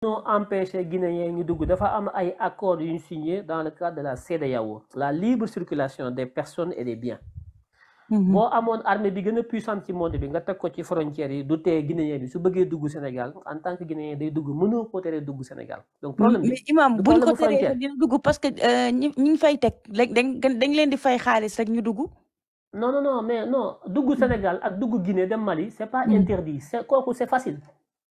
non empêché Guinéens ñu dugg dafa am ay accords yu signé dans le cadre de la CEDEAO la libre circulation des personnes et des biens mhm. boo amoon armée bi gëna puissante ci monde bi nga tek ko ci frontières yi du té Guinéen bi su bëggé dugg Sénégal en tant que Guinéen day dugg mënoo ko teree dugg Sénégal donc problème bi mais imam buñ ko teree dina dugg parce que euh, ñi ñu fay teg dañ leen di fay xaalis rek ñu dugg non non non mais non dugg Sénégal ak dugg Guinée dem Mali c'est pas mhm. interdit c'est c'est facile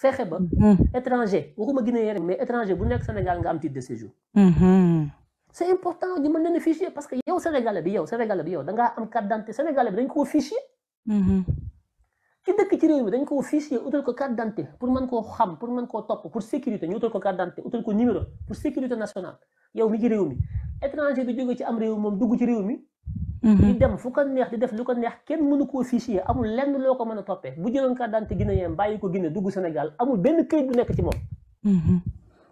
fexe ba. Mm-hmm. étranger waxuma guinéen rek mais étranger bu nek Sénégal nga am titre de séjour. Mm-hmm. c'est important ñu mën na a fichier parce que yow Sénégalais bi yow Sénégalais bi yow da nga am carte d'identité identité Sénégalais bi dañ ko fichier. Mm-hmm. ki dëkk ci réew mi dañ ko fichier utal ko carte d'identité pour mën koo xam pour mën koo topp pour sécurité ñu utal ko carte d'identité identité utal ko numéro pour sécurité nationale yow mi ci réew mi étranger bi jóge ci am réew moom dugg ci réew mi. di mm-hmm. dem fu ko neex di def lu ko neex kenn mënu koo fichier amul lenn loo ko mën a toppee bu jëloon carte d'identité guinéen bàyyi ko Guinée dugg Sénégal amul benn këyit bu nekk ci moom mm-hmm.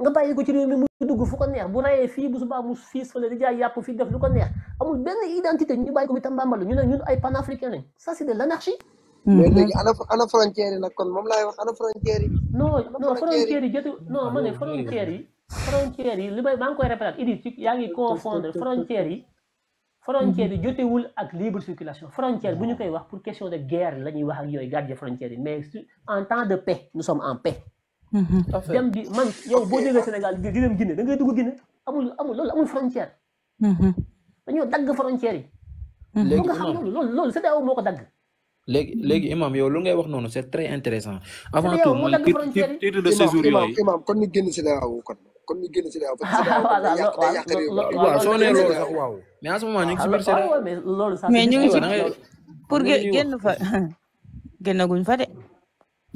nga bàyyi ko ci réew mi mu dugg fu ko neex bu rayee fii bu subaa mu fiis fële di jaay yàpp fii def lu ko neex amul benn identité ñu bàyyi ko mi tambambal ñu ne ñun ay panafricain lañ ça c'est de l'anarchie mm-hmm. mais léegi ana ana yi nag kon moom laay wax ana frontière yi non non frontière yi jotu li may maa yaa ngi confondre frontière yi frontière mhm. you jotewul avec libre circulation frontière pour question de guerre là, wax les gardes mais en temps de paix nous sommes en paix mhm. Sénégal Guinée Guinée frontière mhm. frontière c'est très intéressant avant tout titre mais en ce moment ñu ngi si biir Sénégal mais ñu ngi si pour génn fa génnaguñ fa de.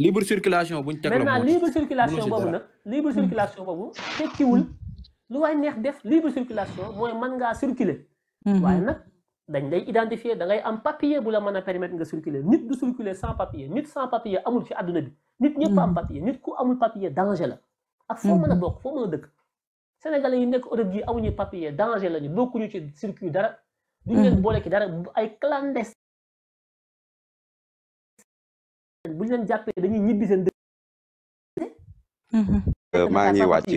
libre circulation buñ teg la maintenant libre circulation boobu nag libre circulation boobu tekkiwul lu waay neex def libre circulation mooy mën ngaa circuler. Mhm. waaye nag dañ lay identifier da ngay am papier bu la mën a permettre nga circuler nit du circuler sans papier nit sans papier amul ci àdduna bi. nit ñëpp am mhm. papier nit ku amul papier danger la. ak foo mhm. mën a bokk foo mën a dëkk. sénégalais yi nekk Europe yi amuñu papier danger lañu ñu ci circuit dara. Mmh. duñ leen boole ci dara ay clandestin. buñ leen jàppee dañuy ñibbi seen dëkk. Mmh. Euh, maa ngi wàcc.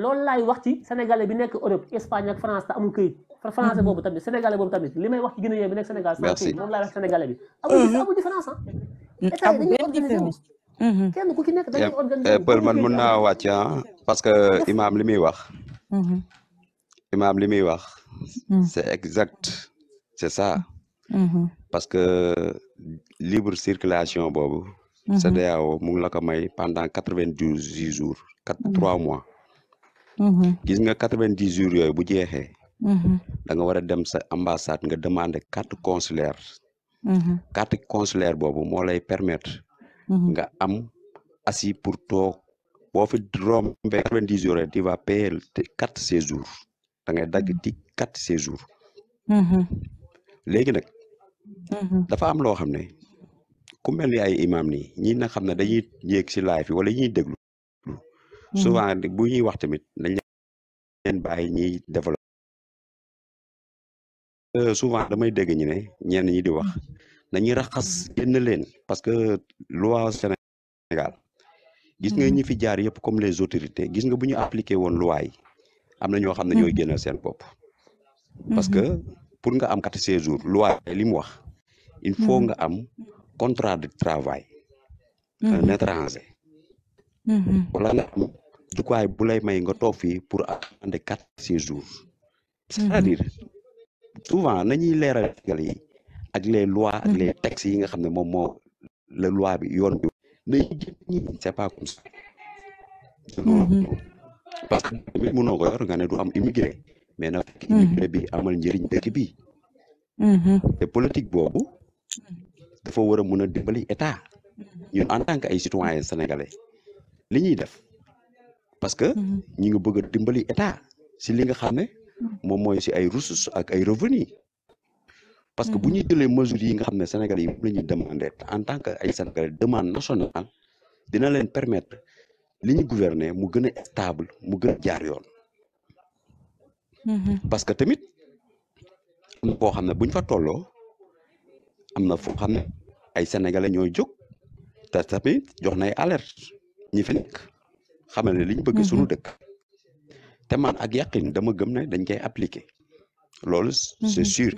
loolu laay wax ci sénégalais bi nekk Europe Espagne ak France te amul këyit. Mmh. français boobu tamit sénégalais boobu tamit li may wax ci guinéen bi nekk Sénégal. merci moom laay wax sénégalais bi. amul amul différence ah. état yi dañuy organiser Mm-hmm. kenn ku ci nekk dañuy eh, eh, ah, parce que imaam li muy wax. Mm-hmm. imaam li muy wax. Mm. c'est exact c'est ça. Mm-hmm. parce que libre circulation boobu. CEDEAO mu ngi la ko may pendant quatre-vingt-dix jours quatre trois mois. gis nga quatre-vingt-dix jours yooyu bu jeexee. da nga war a dem sa ambassade nga demander carte consulaire. carte consulaire boobu moo permettre. Mm-hmm. nga am assi pour toog boo fi rombee quatre-vingt-dix jours tu vas payer quatre séjours da ngay dagg di mm-hmm. quatre séjours mm-hmm. léegi nag dafa am loo xam ne ku mel ni ay imam nii ñi na xam ne dañuy yéeg si live yi wala ñuy déglu souvent bu ñuy wax tamit dañ leen bàyyi ñiy développé euh, souvent damay dégg ñu ne ñenn ñi di wax nañuy raxas mmh. génn leen parce que loi Sénégal gis nga mmh. ñi fi jaar yëpp comme les autorités gis nga buñu ñu appliqué woon loi yi am na ñoo xam ne ñooy mmh. génnal seen bopp parce que pour nga am quatre séjours loi li mu wax il faut nga am contrat de travail un wala nga am jukaay bu lay may nga toog fii pour ande quatre séjours c'est-à-dire souvent nañuy leeral gal yi ak les lois ak les mm-hmm. textes yi nga xam ne moom moo la loi bi yoon bi na yëg ñi c' est pas comme ça mm-hmm. parce que tamit mënoo ko yor nga ne du am immigré mais na fekk mm-hmm. immigré bi amal njëriñ dëkk bi te politique boobu dafa war a mën a dimbali état ñun en tant que ay citoyen sénégalais li ñuy def parce que ñu ngi bëgg a dimbali état si li nga xam ne moom mooy si ay ressources ak ay revenus parce que mm. buñu jëlé mesure yi nga xamné ne Sénégal yi la demandé en tant que ay Sénégalais demande nationale dina leen permettre liñu gouverner mu gëna stable mu gëna jaar yoon. Mm-hmm. parce que tamit am na koo xam fa tollo amna fu xamné ay sénégalais ñoy jóg ta tamit jox nay alerte ñi fi nek xamal liñ bëgg mm-hmm. suñu dëkk. té man ak yàqin dama gëm né dañ koy appliquer lolu c'est mm-hmm. sûr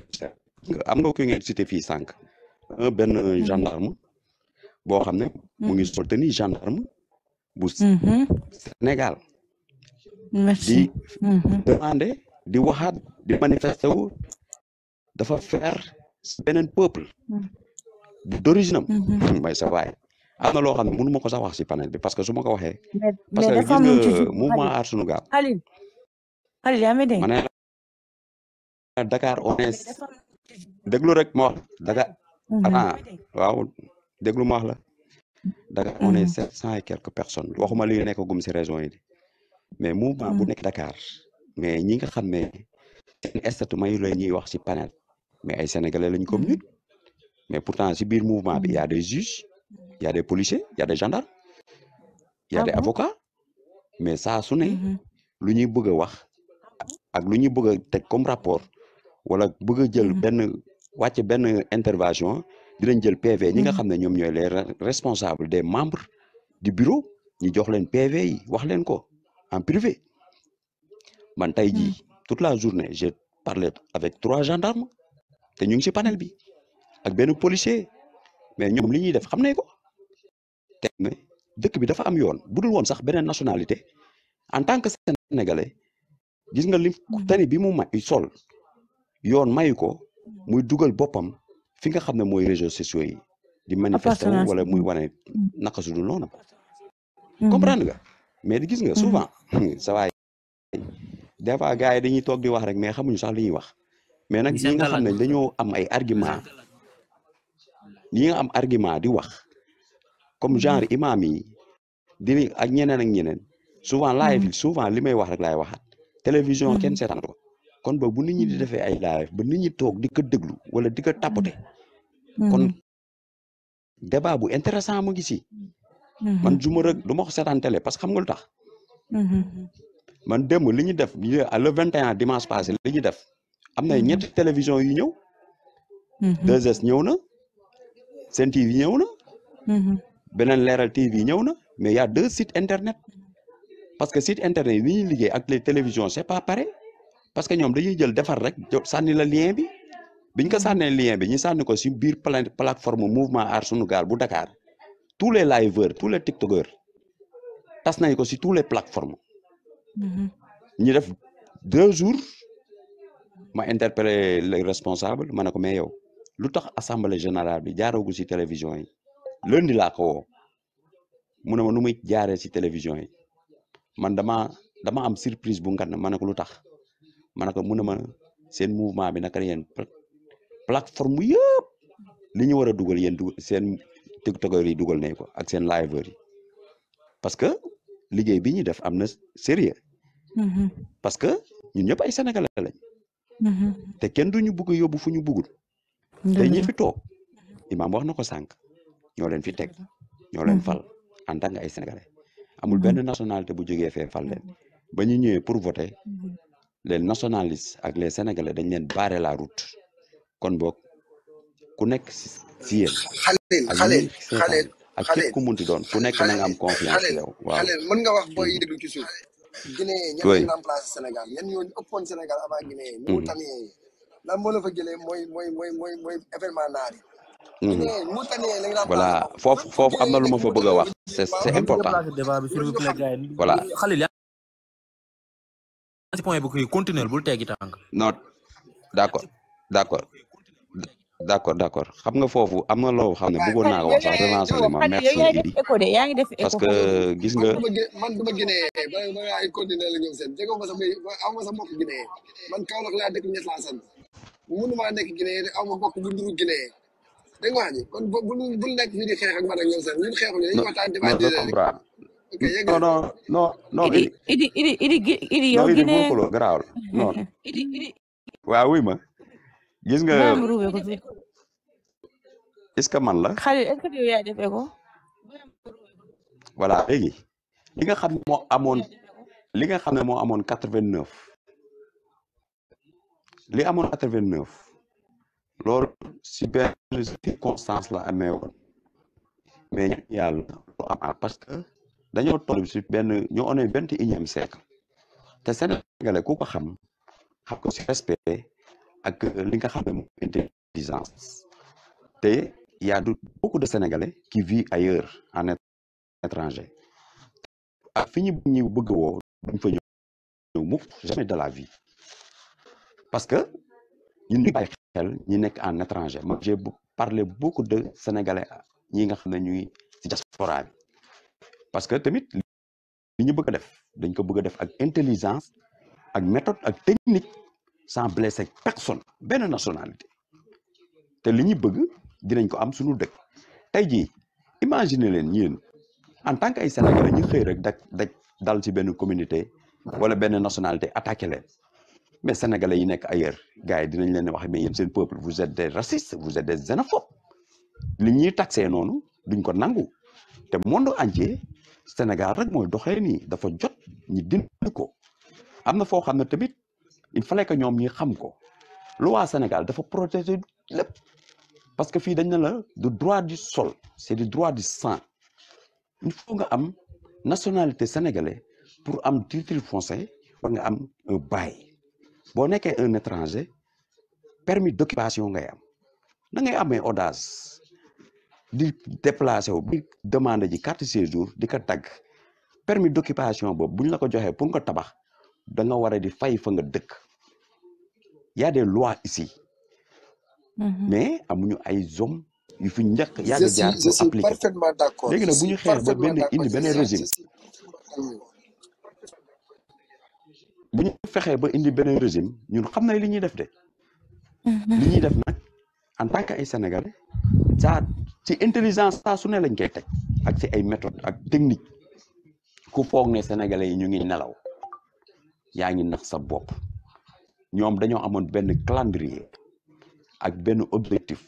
am nga ko ngeen cité sank un ben gendarme bo xam ne mu ngi sol tenue gendarme bu mhm. Sénégal di mhm. demandé di waxaat di manifester wu dafa faire benen peuple mhm. bu d'origine may sa way amna lo loo munu mako sax wax ci panel bi parce que suma ko waxee parce que gis nga mouvement aar sunu khalil Aliou Aliou Dakar ones. déglu rek mo daga mhm. ah waaw déglu ma la. daga on est 700 mhm. et quelques personnes waxuma li nek gum si région yi mais mouvement bu mhm. nek Dakar mais ñi nga xam ne estatu statut mayu la ñuy wax ci panel mais ay sénégalais lañ comme ñun mais pourtant ci bir mouvement bi y a des juges il y a des policiers il y a des gendarmes il y a ah des avocats mais ça su ne lu ñuy bëgg a wax ak lu ñuy bëgg tek comme rapport wala bëgg jël mm-hmm. ben, wacc ben intervention dinañ jël PV ñi nga mm-hmm. xamné ñom ñoy les responsables des membres du bureau ñi jox leen PV yi wax leen ko en privé man tay ji mm-hmm. toute la journée j'ai parlé avec trois gendarmes té ñu ngi ci panel bi ak ben policier mais ñom li ñi def xamné nañ ko te dëkk bi dafa am yoon budul dul woon sax benen nationalité en tant que sénégalais gis nga li tani bi mu may sol yoon mayu ko mm-hmm. muy dugal boppam fi nga xam ne mooy réseaux sociaux yi di manifester wala muy wane mm-hmm. naka su dul noonu mm-hmm. comprendre nga mais di gis nga souvent sa waay des fois gars yi dañuy toog di wax rek mais xamuñu sax li ñuy wax mais nag ñi nga xam ne dañoo am ay argument ñi nga am argument di wax comme genre imam yi di ak ñeneen ak ñeneen souvent live souvent li may wax rek laay waxaat télévision kenn seetaan ko kon ba bu nit hmm. defee ay live ba nit ñi toog di déglu wala di ko hmm. tapoter. Hmm. kon débat bu intéressant mu ngi si. man du ma rek du ma ko seetaan parce que xam nga lu tax. man démb li ñu def le 21 dimanche passé li ñu def am na ñetti télévision yu ñëw. 2S ñëw na Sen TV ñëw na. beneen leeral TV ñëw na mais y a deux sites internet parce que site internet yi ñuy liggéey ak les télévisions c'est pas pare parce que ñom dañuy jël défar rek sanni la lien bi biñ ko mm-hmm. sànnee lien bi ñi sànni ko ci biir plateforme mouvement art sunu gaal bu Dakar tous les liveurs tous les tiktokers tas nañ ko ci tous les plateformes. Mm-hmm. ñi def deux jours ma interpellé le responsable mané ko mais yow assemblée générale bi jaarogu si télévision yi lundi laa ko woo mu ne ma si télévision yi man dama dama am surprise bu ngann ma ne ko lutax ma ne mun na ma seen mouvement bi naka yéen plateforme yëpp li ñu war a dugal yéen dugal seen tiktokers yi dugal nañ ko ak seen liveurs yi parce que liggéey bi ñuy def am na sérieux mm-hmm. parce que ñun ñëpp ay sénégalais lañ mm-hmm. te kenn ñu bëgg yóbbu fu ñu bëggul te ñi fi toog imaam wax na ko sànq ñoo leen fi teg ñoo leen mm-hmm. fal en tant que ay sénégalais amul benn nationalité bu jógee fee fal leen ba ñu ñëwee pour voter les nationalistes ak les sénégalais dañ leen barrer la route kon bok ku nekk si yéen. xaleel xaleel ak képp ku munti doon ku nek na nga am confiance yow. waaw xaleel mën nga wax boy yi mm. ci suuf. guiné ñan ñoo remplacé Sénégal ñen ñoo ëppoon Sénégal avant guiné mm. mm. Guinée. Mauritanie la mo la fa jëlé moy moy moy moy moy événement naar voilà foofu foofu am na lu ma fa bëgg wax c'est c'est important voilà ci point bu kii continuer bul teggi tànk. non d' accord d' accord d' accord d' xam nga foofu am na loo xam ne bëggoon naa ko wax sax relancer le ma merci parce que gis nga. man du ma Guinée ba ba ay continuer la ñoom ma nekk Guinée te aw ma mbokk bu nduru Guinée nga wax kon bu bu nekk fii di xeex ak man ak ñoom seen ñun xeexuñu dañuy waxtaan. débat non non non non idi idi idi idi ne non garaawul ma gis nga est-ce que man la Khalil est-ce que yow yaa defee ko voilà léegi li nga xam ne amoon li nga xam ne moo amoon quatre-vingt-neuf li amoon quatre-vingt-neuf loolu si benn circonstance la amee woon mais yàlla ah, parce que dañoo toll si benn ñoo on est vingt et unième siècle te sénégalais ku ko xam xam ko si respect ak li nga xam ne moom intelligence te y a beaucoup de sénégalais qui vit ailleurs en étranger ak fi ñu ñu bëgg woo duñ fa ñëw mukk jamais de la vie parce que ñun ñu bàyyi xel ñi nekk en étranger man j'ai parlé beaucoup de sénégalais ñi nga xam ne ñuy si diaspora bi parce que tamit li ñu bëgg a def dañ ko bëgg a def ak intelligence ak méthode ak technique sans blesser personne benn nationalité te li ñu bëgg dinañ ko am suñu dëkk tey jii imaginer leen yéen en tant que ay sénégalais ñu xëy rek daj daj dal ci benn communauté wala benn nationalité attaqué leen mais sénégalais yi nekk ailleurs gars yi dinañ leen wax mais yéen seen peuple vous êtes des racistes vous êtes des xénophobes li ñuy taxé noonu duñ ko nangu te monde entier Sénégal rek moy doxee ni dafa jot ñi dindi ko amna fo foo tamit il fallait que ñom ñi xam ko loi Sénégal dafa protéger lépp parce que fi dañ na la du droit du sol c'est du droit du sang il faut nga am nationalité sénégalaise pour am titre foncier war nga am un bail bo nekkee un étranger permis d'occupation nga am da ngay amé audace di déplacé wu di demande ji carte séjour di ko dagg permis d'occupation boobu bu ñu la ko joxee pour nga tabax da nga war a di fay fa nga dëkk y a des lois ici. Mhm. mais amuñu ay zom yu fi njëkk yàgg a jaar pour appliquer léegi nag bu ñu xeex ba benn indi beneen régime bu ñu fexee ba indi beneen régime ñun xam na li ñuy def de. Mhm. li ñuy def nag en tant que ay sénégalais. ça ci intelligence saa su ne lañ koy teg ak ci ay méthode ak technique ku foog ne sénégalais yi ñu ngi nelaw yaa ngi nax sa bopp ñoom dañoo amoon benn calendrier ak benn objectif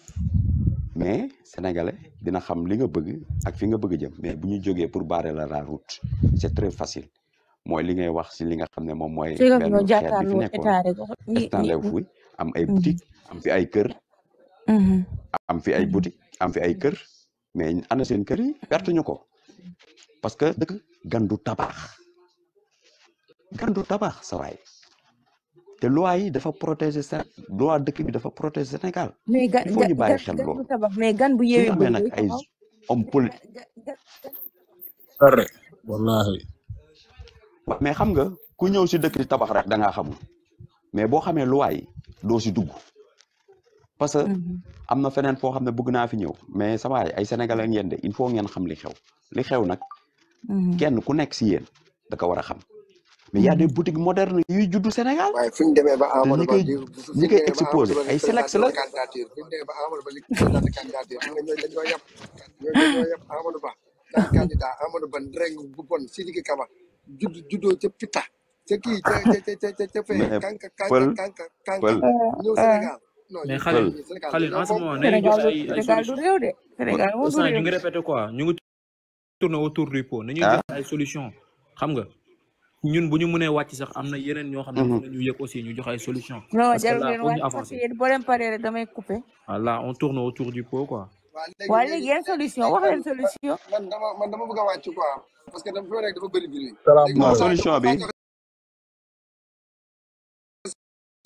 mais sénégalais dina xam li nga bëgg ak fi nga bëgg jëm mais bu ñu jógee pour barrer la la route c'est très facile mooy li ngay wax si li nga xam ne moom mooy benn xeet bi fi nekkoon stanlew fu am ay boutique am fi ay kër Mm-hmm. am fi ay mm-hmm. boutique am fi ay kër mais ana seen kër yi perte ñu ko parce que dëgg gandu tabax gandu tabax sa te loi yi dafa protéger Séné loi dëkk bi dafa protéger Sénégal. il faut ñu mais gan bu bu ay homme politique. mais xam nga ku ñëw di tabax rek da ngaa xamul mais boo xamee loi yi parce que mm-hmm. am na feneen foo xam ne bëgg naa fi ñëw mais sa ay sénégalais ngeen de il faut ngeen xam li xew li xew nag mm-hmm. kenn ku nekk si yéen da ko war a xam mais y a mm-hmm. des boutiques modernes yuy juddu Sénégal waaye fu ñu demee ba Amadou Ba ñi koy exposé ay select la ba Amadou Ba mais Khalil Khalil en ce moment nañu joxe ay ay solutions ñu ngi répété quoi ñu ngi tourné autour du pot ah. solution xam nga ñun bu ñu mënee wàcc sax am na yeneen ñoo xam ne mhm. mën aussi ñu joxe solution parce que là ñu avancé boo leen paree rek damay coupé voilà ah, on tourne autour du pot quoi waa léegi yan solution wax solution man dama man dama bëgg a wàcc quoi parce que dafa bëri dafa bëri solution bi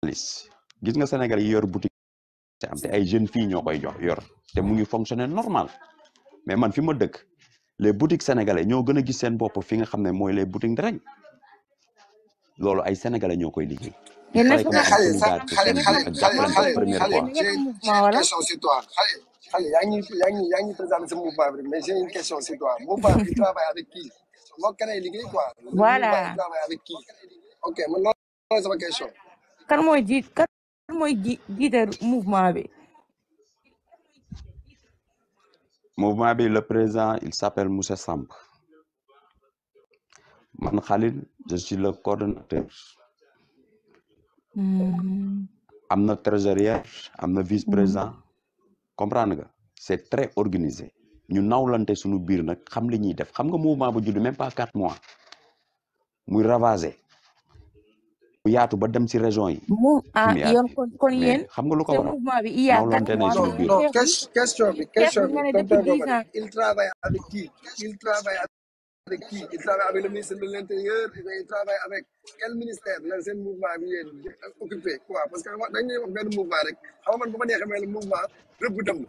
gis nga Sénégal yi yor boutique te am te ay jeunes filles ñoo koy jox yor te mu ngi fonctionner normal mais man fi ma dëkk les boutiques sénégalais ñoo gën a gis seen bopp fi nga xam ne mooy les boutiques de rek loolu ay sénégalais ñoo koy liggéey. mais nag xale sax xale xale xale première fois. question sur ok kan mooy jiit kan mooy jiite mouvement bi mouvement bi le président il s'appelle Moussa Samb man Khalil je suis le coordonnateur hmm. am na trésorier am na vice président hmm. comprendre nga c'est très organisé ñu nawlante suñu biir nag xam li ñuy def xam nga mouvement bu judd même pas quatre mois muy ravasé bu yaatu ba dem ci région yi. mu ah yoon kon kon yéen. xam nga lu ko waral mouvement bi IAA. non non question bi question bi. il travaille avec qui il travaille avec qui il travaille avec le ministre de l'intérieur il travaille avec quel ministère la seen mouvement bi ngeen occupé quoi parce que dañ lay wax benn bu ma neexee mel mouvement rëbb dëmm.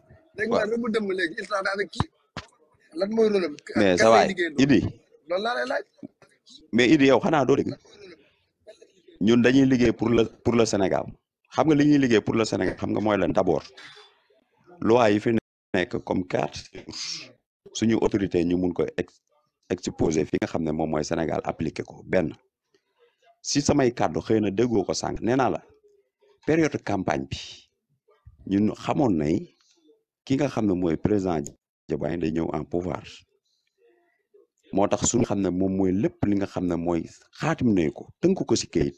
waaw il travaille avec qui lan mooy rôle am. mais ça va laa lay mais Idi yow xanaa doo dégg. ñun dañuy liggéey pour le pour le Sénégal xam nga li ñuy liggéey pour le Sénégal xam nga mooy lan d'abord loi yi fi nekk comme carte suñu autorité ñu mun ko exposer fi nga xam ne moom mooy Sénégal appliqué ko benn si samay kàddu xëy na déggoo ko sànq nee naa la période campagne bi ñun xamoon nañ ki nga xam ne mooy président Diomaye day ñëw en pouvoir moo tax suñu xam ne moom mooy lépp li nga xam ne mooy xaatim nañ ko tënk ko si kayit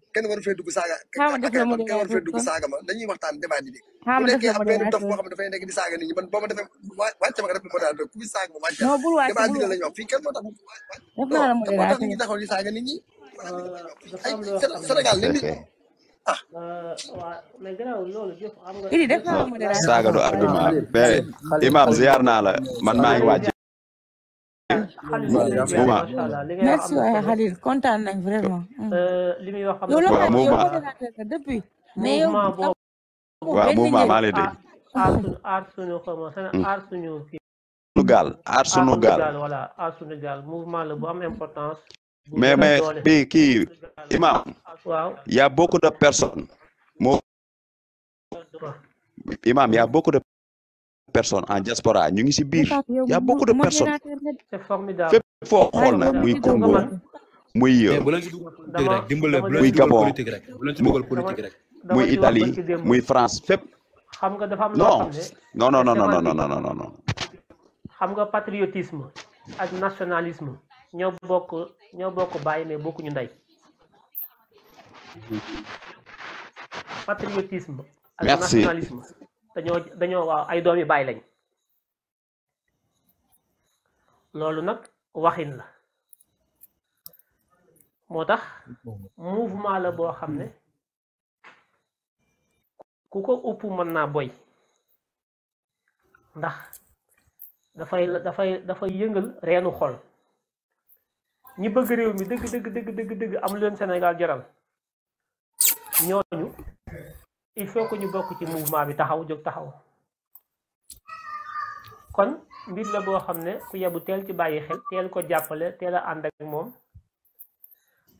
kenn waru fee dugg saaga kenn waru fee dugg saaga ma dañuy waxtaan débat bi bu nekkee ab benn dof boo xam ne dafay nekk di saaga nit ñi man defee wàcc ma nga def modérateur saaga ma la ñu wax fii kenn moo tax moo tax nit ñi taxaw di Sénégal ah. euh, saaga du argument mais imam ziar naa la man maa ngi wàcc merci waay Khalil kontaan nañ vraiment. li muy wax xam nga waaw moom depuis. mais yow waaw moom maa maa lay dégg. aar mouvement la bu importance. mais mais bi kii imam. waaw y' a beaucoup de personnes. moo imam y' a beaucoup de personnes en diaspora ñu ngi ci biir y a beaucoup de personnes fépp foo xool na muy Congo muy muy Gabon muy Italie muy France fépp non non non non non non non non non xam nga patriotisme ak nationalisme ñoo bokk ñoo bokk bàyyi mais bokkuñu ndey mhm. patriotisme ak nationalisme dañoo dañoo ay doom yu bàyyi lañ loolu nag waxin la moo tax mouvement la boo xam ne ku ko upp mën naa boy ndax dafay dafay dafay yëngal reenu xol ñi bëgg réew mi dëgg dëgg dëgg dëgg dëgg am leen Sénégal jaral ñooñu il faut que ñu bokk ci mouvement bi taxaw jóg taxaw kon mbir la boo xam ne ku yebu teel ci bàyyi xel teel ko jàppale teel a ànd ak moom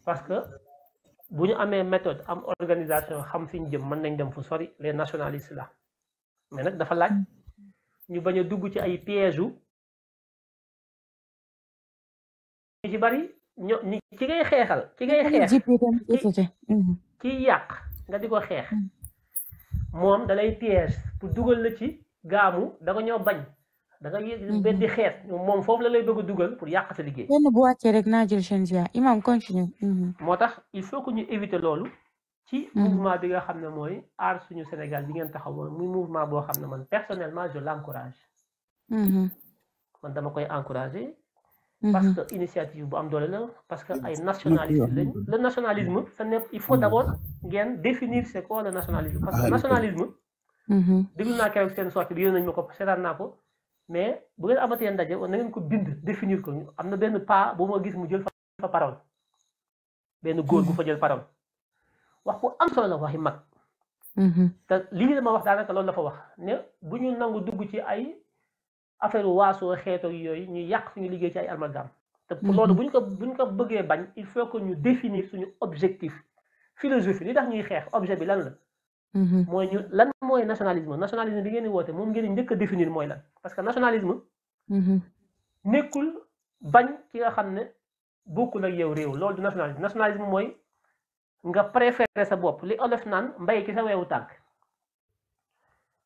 parce que bu ñu amee méthode am organisation xam fiñ jëm mën nañ dem fu sori les nationalistes la mais nag dafa laaj ñu bañ a dugg ci ay pièges yu ñu ci bari ño ñi ci ngay xeexal ci ngay xeex ci yàq nga di ko xeex mhm. moom da lay piège pour dugal la ci gaamu da nga ñoo bañ. da nga mhm. beddi xeet moom foofu la lay bëgg dugal pour yàq sa liggéey. benn bu wàccee rek naa jël changement imam continue. Mhm. moo tax il faut que ñu éviter loolu. ci mhm. mouvement bi nga xam ne mooy aar suñu Sénégal bi ngeen taxaw muy mouvement boo xam ne man personnellement je l' man dama koy encouragé parce mhm. que initiative bu am doole la parce que ay nationalistes lañ le nationalisme ça ne il faut mhm. d' ngeen définir c' est quoi le nationalisme parce que ah, nationalisme mhm. déglu naa keroog seen soo bi yéen nañu ma ko seetaan ko mais bu ngeen amatee na ko bind définir ko am na benn pas bu gis mu jël fa parole benn góor gu fa jël parole wax ku am solo la waxi mag te lii la ma wax daanaka loolu la fa wax ne bu ñu nangu dugg ci ay affaire waasoo xeetoo yoy ñu yàq suñu liggéey ci ay almagam te mhm. loolu buñ ko buñ ko bëggee bañ il faut que ñu définir suñu objectif philosophie li tax ñuy xeex objet bi lan la mhm. mooy ñu lan moy nationalisme nationalisme bi ngeen di woote moom ngeen njëkk a définir moy lan parce que nationalisme mhm. nekkul bañ ki nga xamné bokul ak yow réew loolu du nationalisme nationalisme moy nga préférer sa bop li olof nan mbay ki sa weewu tànk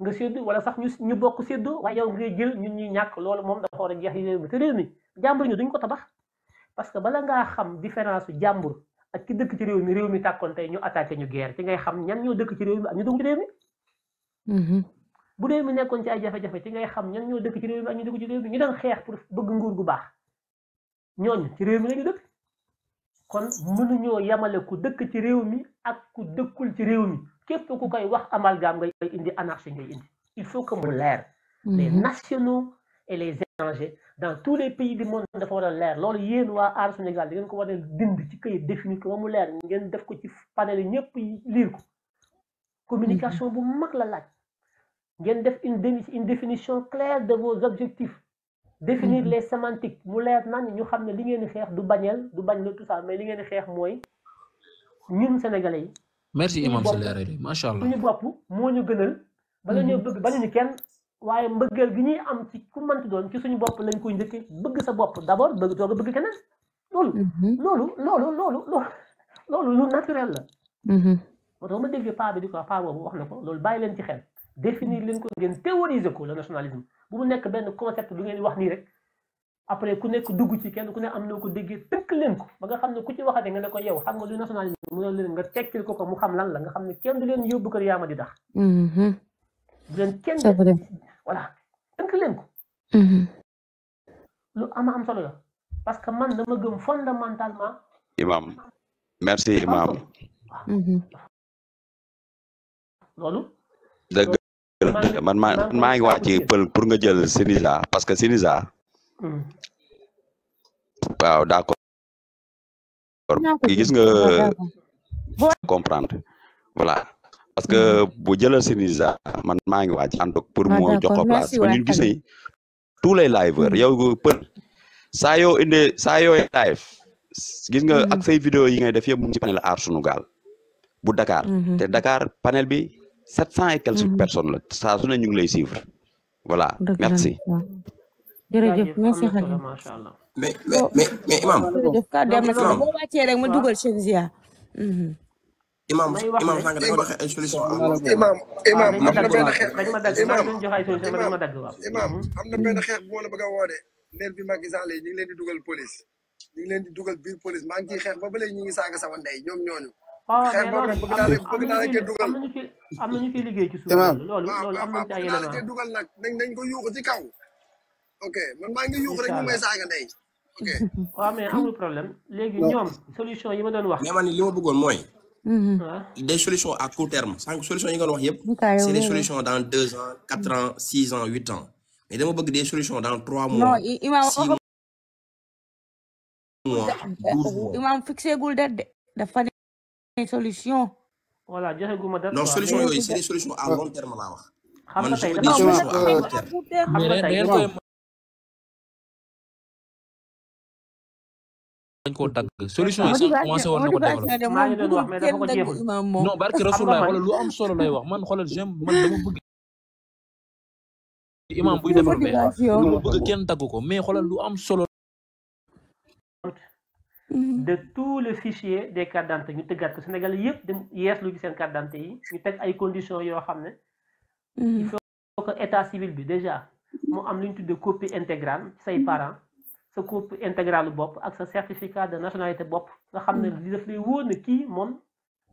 nga seddu wala sax ñu ñu bokk seddu waaye yow ngay jël ñun ñi ñak loolu mom dafa wara jeex réew mi te réew mi jambur ñu duñ ko tabax parce que bala nga xam différence jambur ak ki dëkk ci réew mi réew mi takkon tay ñu attaquer ñu guerre ci ngay xam ñan ñoo dëkk ci réew mi ak ñu dëkk ci réew mi hmm bu réew mi nekkon ci ay jafé jafé ci ngay xam ñan ñoo dëkk ci réew mi ak ñu dëkk ci réew mi ñu dañ xex pour bëgg nguur gu baax ñooñu ci réew mi lañu dëkk kon mënu ñoo yamale ku dëkk ci réew mi ak ku dëkkul ci réew mi képp ku koy wax amalgame ngay indi anarchie ngay indi il faut que mu leer mhm. les nationaux et les étrangers dans tous les pays du monde dafa war a leer loolu yéen waa aar Sénégal da ngeen ko war a dind ci këyit définir ko ba mu leer ngeen def ko ci panel yi ñëpp lire ko communication mhm. bu mag la laaj ngeen def une une définition claire de vos objectifs définir mhm. les sémantiques mu leer nañ ñu xam ne li ngeen di xeex du bañeel du bañ tout ça mais li ngeen di xeex mooy ñun sénégalais merci imam si leeral yi macha allah suñu bopp moo ñu gënal bala mhm. ñu bëgg bañu kenn waaye mbëggeel gi ñuy am ci ku mënti doon ci suñu bopp lañ koy njëkke bëgg sa bopp d'abord bëgg toog a bëgg keneen loolu mhm. loolu loolu loolu loolu loolu lu naturel la mhm. moo tax ma déggee paa di ko paa boobu wax na ko loolu bàyyi leen ci xel définir leen ko ngeen théoriser ko le nationalisme bu mu nekk benn concept lu ngeen wax nii rek après ku nekk dugg ci kenn ku ne am noo ko déggee tëkk ba nga xam ne ku ci waxate nga ne ko yow xam nga lu nationalisme mu leen nga tekkil ko ko mu xam lan la nga xam ne kenn du leen yóbbu kër yaama di dax du mm-hmm. leen mm-hmm. lu ama am solo la parce que man dama gëm fondamentalement imam merci imam mm-hmm. loolu dëgg man maa ngi wàcc pël pour nga jël Sinisa parce que Sinisa waaw d' accord gis nga comprendre voilà parce que bu jëlal Syniza man maa ngi waaj ànd pour ah, mu jox ko place ba ñun gis nañ tous les liveurs yo pël saa yoo indee saa yoo live gis nga ak say vidéo yi ngay def yëpp mu ngi ci panel aar sunu gaal bu Dakar te Dakar panel bi sept cent et quelques personnes la saa su ne lay suivre voilà merci jërëjëf merci xadim mais mais mais imam jërëjëf kàddu am na solo boo wàccee rek ma dugal seen mhm. ziar imam imam sànq da nga waxe ay solution imam imam am na benn xeex imam imam mhm. am na benn xeex bu ma la bëgg a woo de neel bi Macky Sall yi ñu ngi leen di dugal police ñu ngi leen di dugal biir police maa ngi ciy xeex ba ba léegi ñu ngi saaga sama ndey ñoom ñooñu ah, xeex boobu nag bëgg naa leen bëgg naa leen dugal am nañu fi liggéey ci suuf loolu loolu am nañu ci ay élément dugal nag nañ ko yuuxu ci kaw ok man maa ngi yuux rek ñu may saaga ndey. ok waaw mais amul problème léegi ñoom solution yi ma doon wax. mais man li ma bëggoon mooy. Mm-hmm. Ah, des solutions à court terme Sans solutions yi nga wax yëpp. c'est des solutions dans deux ans quatre ans six ans huit ans mais dama bëgg des solutions dans trois mois. il mois douze mois. imaam fixé gul de dafa ne solution. voilà joxe gu ma date. non solution yooyu c'est des solutions à long terme laa wax. man des solutions à court terme. dañ koo dagg solution yi sax commencé woon na ko développé lu am solo lay wax man xoolal jëm man dama bëgg imam buy développé lu mu kenn dagg ko mais xoolal lu am solo de tout le fichier des cartes d'identité ñu tëggaat ko Sénégal yëpp dem yees lu ci seen carte d'identité yi ñu teg ay conditions yoo xam ne il faut que état civil bi déjà mu am lu ñu tudde copie intégrale ci say parent sa coupe intégrale bopp ak sa certificat de nationalité bopp nga xam ne li mm. daf kii moom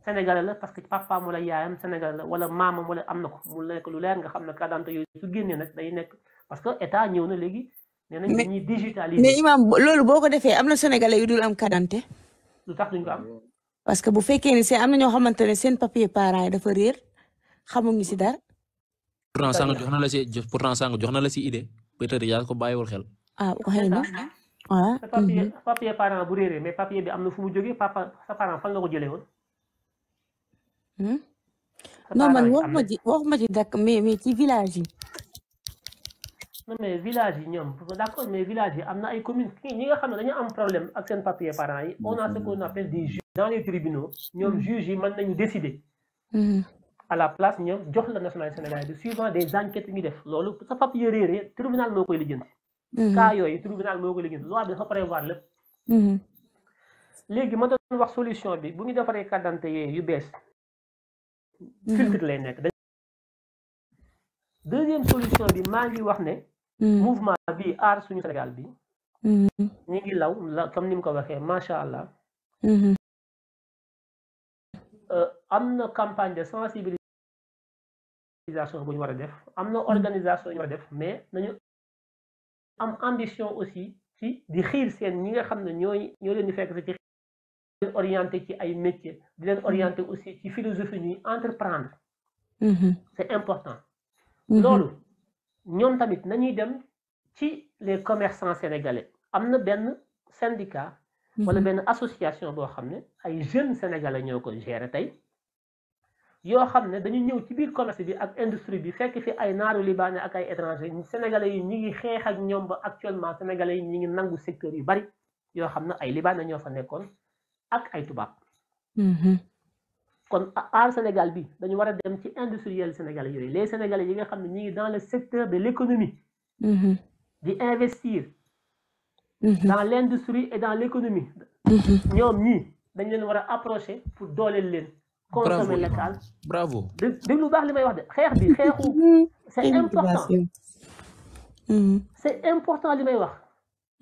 sénégalais la parce que papaam wala yaayam sénégalais la wala maamam wala am na ko mu nekk lu leer nga xam ne carte d'identité yooyu su génnee day nekk parce que état ñëw na léegi. nee nañ dañuy digitaliser mais imam loolu boo ko defee am na sénégalais yu dul am carte tax duñ ko am. parce que bu fekkee ni seen am na ñoo xamante ne seen papier parent yi dafa réer xamuñu si dara. pourtant sànq jox na la si pourtant sànq jox na la si idée peut-être yaa ko bàyyiwul xel. ah xëy na waaw sa papier mhm. papier parent bu réeree mais papier bi amna fumu fu papa sa parent fan la ko won hmm non man waxuma ci waxuma ci dak mais mais ci village yi. non mais village yi ñom d' accord mais village yi amna ay communes ñi nga xamné dañu am problème ak sen papier parents yi on a ce qu'on appelle des juges dans les tribunaux ñom hmm. juges yi man nañu décider. hmm à la place ñom jox la national sénégalais de suivant des enquêtes ñu def lolu sa papier réeree tribunal moo koy lijjanti. cas mhm. yooyu tribunal moo ko liggéey loi bi dafa prévoir lépp léegi ma doon wax solution bi bu ñu defaree carte yooyu yu bees mhm. lay nekk deuxième solution bi maa ngi wax ne mhm. mouvement bi aar suñu Sénégal bi ñu ngi law la comme ni mu ko waxee macha allah euh, am na campagne de sensibilisation bu ñu war a def am na organisation ñu war def mais nañu am ambition aussi ci di xir sen ñi nga xamne ñoy un di fekk ci ci ay métier di leen orienté mm-hmm. aussi ci philosophie ñuy entreprendre mm-hmm. c'est important nous mm-hmm. avons tamit nañuy dem ci les commerçants sénégalais amna ben syndicat wala ben association boo xamne ay jeunes sénégalais ñoko ko géré yoo xam ne dañu ñëw ci biir commerce bi ak industrie bi fekk fi ay naaru libanais ak ay étranger sénégalais yi ñu ngi xeex ak ñoom ba actuellement sénégalais yi ñu ngi nangu secteur yu bari yoo xam ne ay libanais ñoo fa nekkoon ak ay tubaab mm-hmm. kon aar Sénégal bi dañu war a dem ci industriel sénégalais yooyu les sénégalais yi nga xam ne ñu ngi dans le secteur de l'économie mm-hmm. di investir mm-hmm. dans l'industrie et dans l'économie ñoom ñii dañ leen war a approcher pour dooleel leen consommer local bravo déglu baax li may wax de xeex bi xeexu mm-hmm. mm-hmm. c'est important c'est important les may wax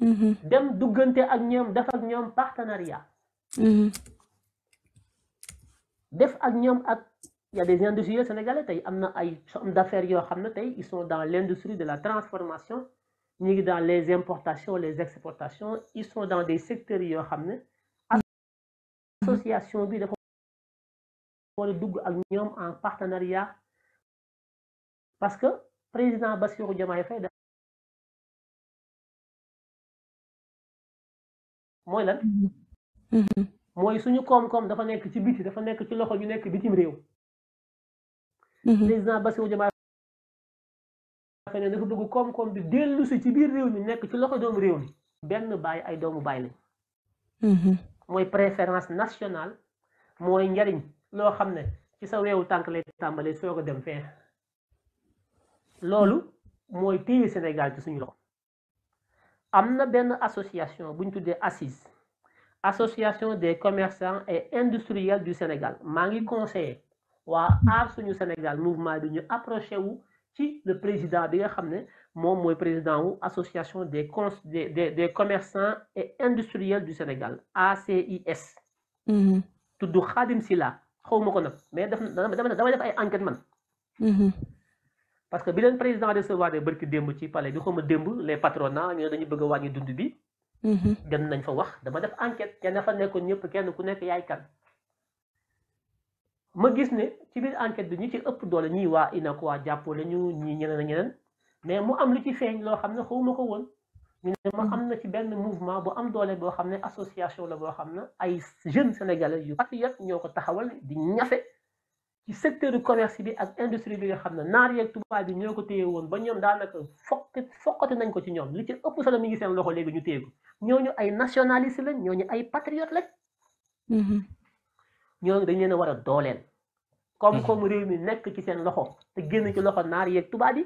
mm-hmm. dem duggante ak ñoom def ak partenariat def ak il ak y a des industriels sénégalais tey am ay hommes d'affaires yoo xam ils sont dans l'industrie de la transformation ni dans les importations les exportations ils sont dans des secteurs yoo xam association bi wala dugg ak ñoom en partenariat parce que président Bassirou Diomaye Faye da mooy lan mm-hmm. mooy suñu koom-koom dafa nekk ci biti dafa nekk ci loxo ñu nekk bitim réew mm-hmm. président Bassirou Diomaye Faye ne dafa bëgg koom-koom bi dellu si ci biir réew mi nekk ci loxo doomu réew mi benn baay ay doomu baay lañ mm-hmm. mooy préférence nationale mooy njariñ lo xam ci sa weewu tànk lay tàmbalee soo ko dem fee loolu mooy Sénégal ci suñu loxo amna association buñ tuddé ACIS, association des commerçants et industriels du Sénégal Mangi ngi ou wa aar suñu Sénégal mouvement bi ñu approché wu ci le président bi nga mon ne président wu association des des des commerçants et industriels du Sénégal ACIS. Mm-hmm. tudd Khadim sila xaw ko nag mais def dama dama def ay enquête man. Mm-hmm. parce que bi leen président recevoir de barki démb ci palais bi xaw ma démb le les patronats ñu dañu bëgg a wàññi dund bi. dem mm-hmm. nañ fa wax dama def enquête kenn fa nekkoon ñëpp kenn ku nekk yaay kan. ma gis ne ci biir enquête bi ñu ci ëpp doole ñii waa INACO waa jàppale ñu ñii ñeneen a ñeneen mais mu am lu ci feeñ loo xam ne xawuma ko woon. ñu ne ma xam ci benn mouvement bu am doole boo xam association la boo xam ne ay jeunes sénégalais yu patriote ñoo ko taxawal di ñafe ci secteur commerce bi ak industrie bi nga xam ne naar yeeg tubaab bi ñoo ko téye woon ba ñoom daanaka fokk fokkati nañ ko ci ñoom li ci ëpp solo mi ngi seen loxo léegi ñu téye ko ñooñu ay nationaliste lañ ñooñu ay patriote lañ. ñooñu dañ leen a war a dooleel. comme comme réew mi nekk ci seen loxo te génn ci loxo naar yeeg tubaab yi.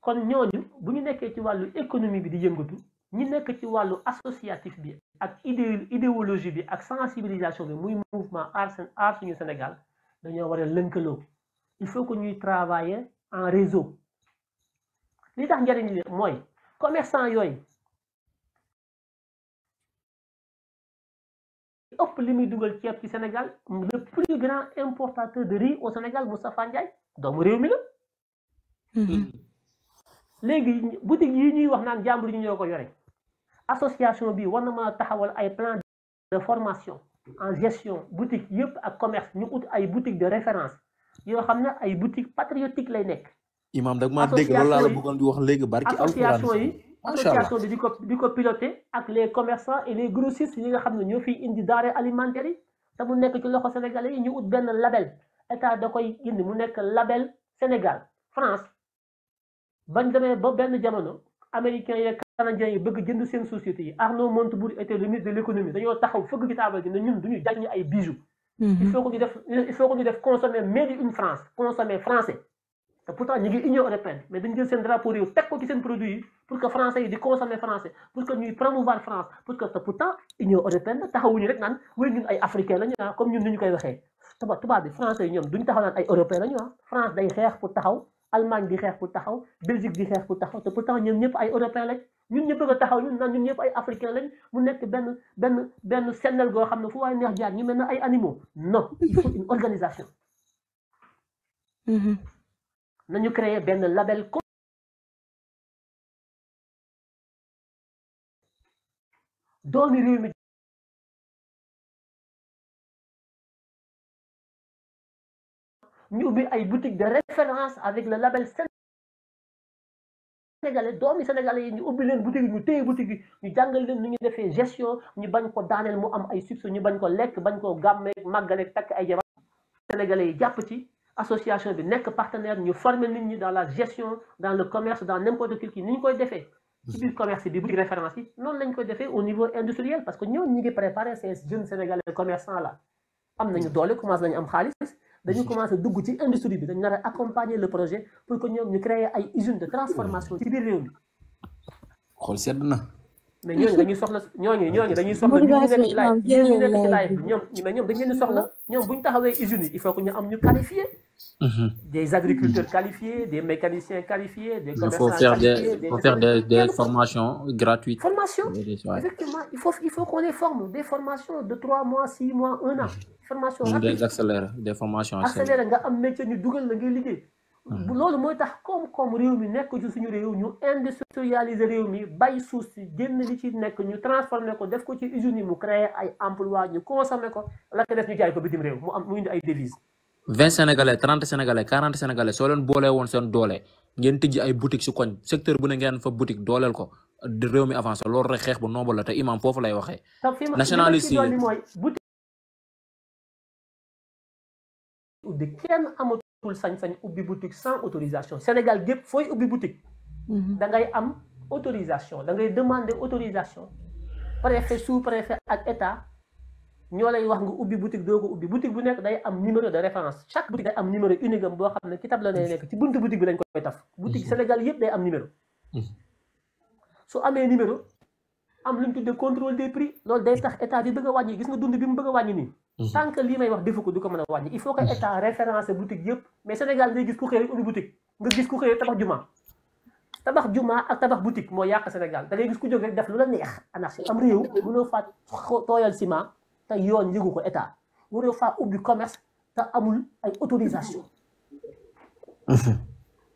kon ñooñu bu ñu nekkee ci wàllu économie bi di yëngatu ñi nekk ci wàllu associatif bi ak idé idéologie bi ak sensibilisation bi muy mouvement aar seen aar suñu Sénégal dañoo war a lënkaloo il faut que ñuy travailler en réseau li tax njëriñ li mooy commerçant yooyu ëpp li muy dugal ceeb ci Sénégal le plus grand importateur de riz au Sénégal Moussa Fandjaï, doomu réew mi la mm-hmm légui boutique yi ñuy wax naan jàmbur yi ñoo ko yore association bi war na mën a taxawal ay plan de formation en gestion boutique yëpp ak commerce ñu ut ay boutique de référence yoo xam ne ay boutique patriotique lay nekk. imam dag maa dégg loolu laa la bëggoon di wax léegi barki association yi association bi di ko di ko piloter ak les commerçants et les grossistes yi nga xam ne ñoo fiy indi denrées alimentaire yi te mu nekk ci loxo sénégalais yi ñu ut benn label état da koy indi mu nekk label Sénégal France bañ demee ba ben jamono américains yi canadiens yi bëgg jënd seen société. yi Arnaud Montebourg était le ministre de l'économie dañoo taxaw fëgg ci taabal ji ne ñun duñu jagn ay bijoux mhm. il faut que ñu def il faut qu'on ñu def consommer made in France consommer français pourtant ñi ngi union européenne mais dañu jël seen drapeau réew tek ko ci seen produit yi pour que français yi di consommer français pour que ñuy promouvoir France pour que te pourtant union européenne taxawuñu rek naan way ñun ay africain lañu ah, comme ñun ñu koy waxee tuba tuba bi français yi ñoom duñu taxaw naan ay européens lañu ah France day xeex pour taxaw Allemagne di xex ku taxaw Belgique di xex ku taxaw te pourtant ñoom ñëpp ay européens lañ ñun ñu bëgg taxaw ñun naan ñun ñëpp ay africains lañ mu nekk ben ben ben sennel go xam fu waaye neex jaar ñu melna ay animaux non il faut une organisation hmm nañu créer ben label doomi réew mi Nous avons ay boutique de référence avec le label sénégalais doomi sénégalais nous ñu une boutique yi ñu téye boutique Nous ñu jàngal leen ñu gestion Nous bañ ko nous mu am ay succès ñu bañ ko lekk bañ ko gàmmeeg màggaleeg ay jabar sénégalais yi ci association bi nek partenaire Nous formons nous dans la gestion dans le commerce dans n'importe quel qui nous ñu koy Si ci commerce bi boutique référence non noonu lañ koy au niveau industriel parce que ñoo ñi ngi préparer ces jeunes sénégalais commerçants là am nañu doole nous nañu am avons commencé à ci accompagner le projet pour que nous créions une de transformation mais Nous il faut que nous mhm. des agriculteurs qualifiés des mécaniciens qualifiés. des faut faire des formations gratuites. formation effectivement il faut faut qu'on les forme des formations de trois mois six mois un an. Mhm. formation des accéléré des formations accéléré nga am métier ñu dugal la ngay ñu industrialiser réew mi bàyyi suuf si génn li ci ko def ko ci usines yi mu créé ay emploi ñu consommer ko la ko def ñu jaay ko bitim réew mu am mu indi ay devises vingt sénégalais trente sénégalais quarante sénégalais soo leen boolee woon seen doole ngeen tijji ay boutique si koñ secteur bu ne ngeen fa boutique dooleel ko réew mi avancé loolu rek xeex bu noble la te imam foofu lay waxee nationaliste yi ou de ken amatul sañ-sañ ubi boutique sans autorisation Sénégal gépp foy ubi boutique mhm. da ngay am autorisation da ngay demander autorisation préfet sous préfet ak état ñolay wax nga ubi boutique doo ko ubbi boutique bu nek day am numéro de référence chaque boutique day am numéro unique bo xamné kitab la ci ci buntu boutique bi lañ koy taf mhm. boutique Sénégal yépp day am numéro mhm. su amé numéro am lu ñu contrôle des prix lol day tax état bi bëgg wañi gis nga dund bi mu bëgg wañi ni Mhm. tant lii may wax defu ko du ko mën a wàññi il faut que mhm. état référencé boutique yëpp mais Sénégal day gis ku xëy rek ubbi boutique nga gis ku xëy tabax juma tabax juma ak tabax boutique mooy yàq Sénégal da ngay gis ku jóg rek def lu la neex anarchie am réew mënoo faa te yoon yëgu ko état mënoo faa ubbi commerce amul ay autorisation mhm.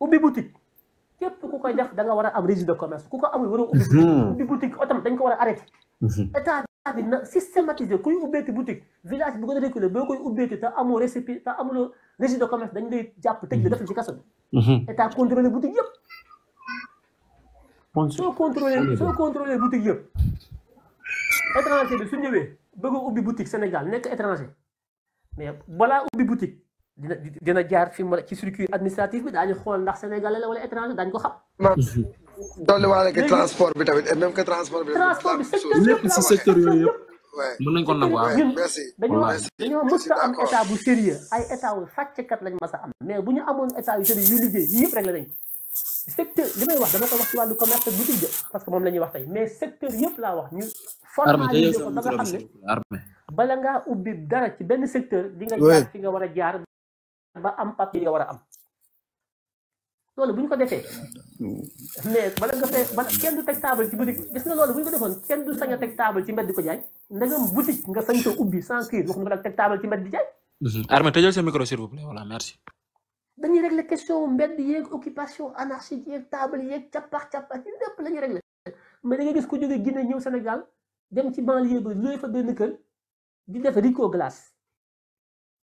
ubbi boutique képp ku koy def da nga war a am registre de commerce ku ko amul war a ubbi boutique otam dañ ko war a arrêté état bi na systématiser kuy ubbeeti boutique village bu gën a reculé boo koy ubbeeti te amoo récipi te amuloo registre de commerce dañ lay jàpp tëj la def ci kaso bi mhm. état contrôlé yëpp soo contrôlé soo contrôlé boutique yëpp étranger bi su ñëwee bëgg ubbi boutique Sénégal nekk étranger mais balaa ubbi boutique dina dina jaar fi mu ci circuit administratif bi daañu xool ndax sénégalais la wala étranger daañu ko xam mhm. dolli waale que transport bi tamit et même que transport bi. secteur yooyu yëpp. mën nañu ko nangu waaw ah. merci. merci dañoo mës a am état bu sérieux ay état wu sàcckat lañ mës a am. mais bu ñu amoon état yu sérieux yu liggéey yii yëpp rek la secteur li may wax dama ko wax ci wàllu commerce ak boutique de parce que moom la ñuy wax tey mais secteur yëpp laa wax ñu. formalisé ko ba nga xam ne bala nga ubbi dara ci benn secteur. di nga jaar fi nga war a jaar ba am papier yi war am. loolu bu ñu ko defee mais bala nga fee bala kenn du teg table ci boutique gis nga loolu bu ñu ko defoon kenn du sañ a teg table ci mbedd di ko jaay ndegam boutique nga sañ ko ubbi sans kii wax di jaay. Mhm. Armé tëjal sa micro s'il vous plaît voilà merci. dañuy régler question mbedd yeeg occupation anarchique yeeg table yeeg cappax cappax yi lépp la ñuy régler. mais da nga gis ko jógee Guinée ñëw Sénégal dem ci banlieue ba looy fa benn kër di def rico glace.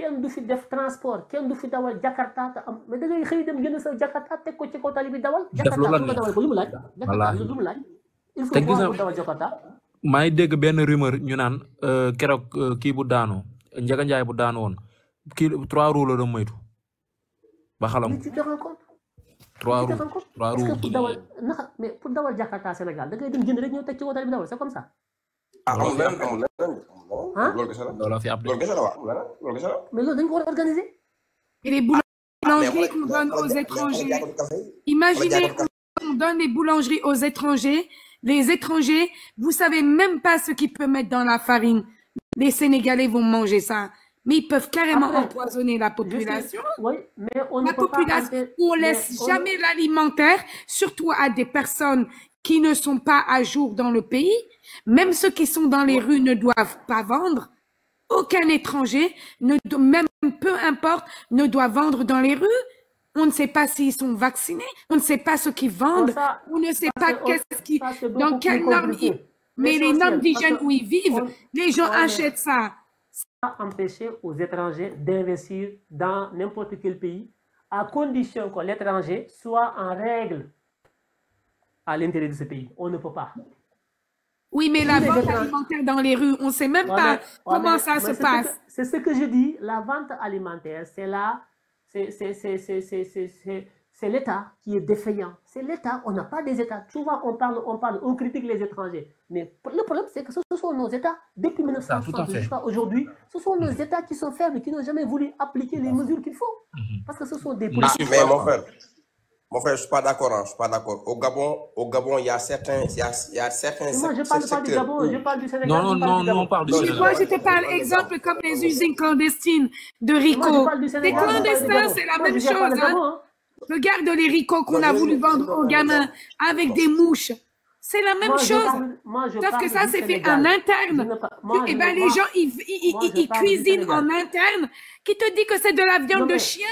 kenn du fi def transport kenn du fi dawal jakarta te am mais da ngay xëy dem jënd sa jakarta teg ko ci kaw tali bi dawal. def lu la neex jakarta dawal ko lu mu laaj. jakarta lu mu laaj. maa ngi dégg benn rumeur ñu naan euh, keroog euh, kii bu daanoo Ndiaga Ndiaye bu daanu woon kii trois roues la doon moytu ba xalam. li ci defal ko trois roues trois roues. dawal jakarta Sénégal da ngay dem jënd rek ñëw teg ci kaw tali bi dawal c'est comme et les boulangeries qu'on donne aux étrangers. imaginez on donne les boulangeries aux étrangers. Les étrangers, vous savez même pas ce qu'ils peuvent mettre dans la farine. Les Sénégalais vont manger ça. Mais ils peuvent carrément empoisonner la population. mais on ne population, on laisse jamais l'alimentaire, surtout à des personnes qui ne sont pas à jour dans le pays. Même ceux qui sont dans les rues ne doivent pas vendre. Aucun étranger, ne, même peu importe, ne doit vendre dans les rues. On ne sait pas s'ils sont vaccinés. On ne sait pas ce qu'ils vendent. on ne sait pas qu'est-ce qui, dans quelle norme ils, mais les normes d'hygiène où ils vivent, les gens achètent ça. Ça empêcher aux étrangers d'investir dans n'importe quel pays à condition que l'étranger soit en règle à l'intérieur de ce pays. On ne peut pas. Oui, mais la vente alimentaire dans les rues, on ne sait même pas comment ça se passe. C'est ce que je dis, la vente alimentaire, c'est là, c'est l'État qui est défaillant. C'est l'État, on n'a pas des États. Souvent, on parle, on parle, on critique les étrangers. Mais le problème, c'est que ce sont nos États, depuis 1960 jusqu'à aujourd'hui, ce sont nos États qui sont faibles, qui n'ont jamais voulu appliquer les mesures qu'il faut. Mhm. Parce que ce sont des politiques. Mon frère, je ne suis pas d'accord. Hein, je suis pas d'accord. Au Gabon, au Gabon, il y a certains, il y a, Moi, je parle pas du Gabon, je parle du Sénégal. Non, non, non, on parle du Sénégal. Moi, je te parle exemple comme les usines clandestines de Rico. Les clandestins, c'est la même chose. Hein. hein. Regarde les ricots qu'on a voulu vendre aux gamins avec des mouches. C'est la même chose. Sauf que ça, c'est fait en interne. Eh ben, les gens, ils, cuisinent en interne. Qui te dit que c'est de la viande de chien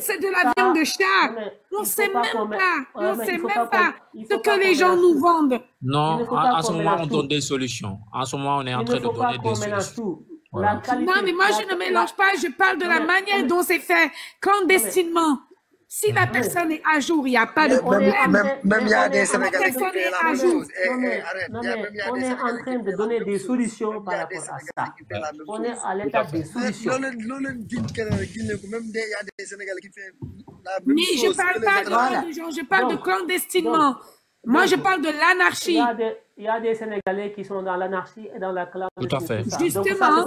c'est de la viande de chat. On ne sait même pas. On sait même pas, ce que les gens nous vendent. Non, à ce moment, on donne des solutions. À ce moment, on est en train de donner des solutions. non, mais moi, je ne mélange pas. Je parle de la manière dont c'est fait clandestinement. Si la personne est à jour, il n'y a pas de problème. Même il y a des Sénégalais qui la jour. on est en train de donner des solutions par rapport à ça. On est à l'état des solutions. Même Mais je ne parle pas de gens, je parle de clandestinement. Moi, je parle de l'anarchie. Il y, a des Sénégalais qui sont dans l'anarchie et dans la clandestinité. Tout à fait. Justement,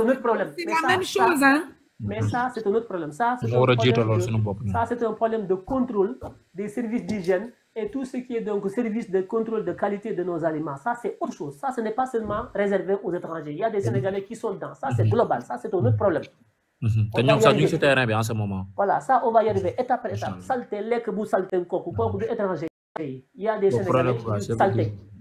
c'est la même chose. Hein? mais mhm. ça c'est un autre problème ça c'est un, problème de contrôle des services d'hygiène et tout ce qui est donc service de contrôle de qualité de nos aliments. Ça, c'est autre chose. Ça, ce n'est pas seulement réservé aux étrangers. Il y a des mhm. Sénégalais qui sont dedans. Ça, c'est mhm. global. Ça, c'est un autre problème. terrain en ce moment. voilà ça on va y arriver étape par étape. salté les que vous saltez encore du étranger il y a des Sénégalais qui sont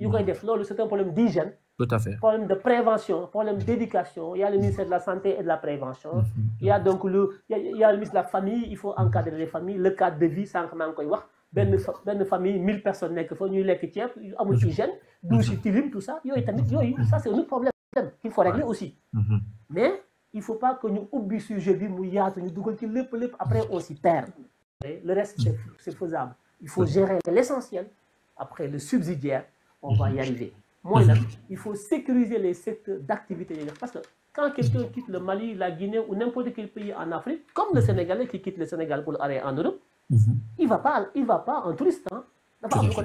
yu def des un problème d'hygiène. Tout à fait. Problème de prévention, problème d'éducation. Il y a le ministère de la Santé et de la Prévention. Mm-hmm. Il y a donc le, il y a, le ministre de la Famille, il faut encadrer les familles. Le cadre de vie, sans encore koy wax. a une famille 1000 personnes nekk faut ñuy lekk ceeb amul hygiène douche toilette, tilim tout ça tamit mm-hmm. ça c'est un autre problème qu'il faut régler aussi mm-hmm. mais il ne faut pas que oublions ce sujet bi y nous après on s'y perd le reste c'est faisable il faut gérer l'essentiel après le subsidiaire on va y arriver moi, mhm. il faut sécuriser les secteurs d'activité. parce que quand quelqu'un quitte le Mali la Guinée ou n'importe quel pays en Afrique comme le Sénégalais qui quitte le Sénégal pour aller en Europe mhm. il va pas il va pas en touriste Hein. Il va pas ko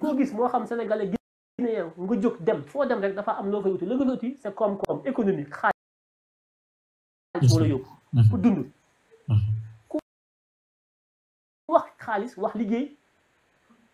tax a un Sénégalais koo gis Sénégalais Guinéen nous jóg dem foo dem rek dafa am lo fay outil. Le fay wuti c'est comme comme économique xaalis moo la mhm. pour dund ku wax xaalis wax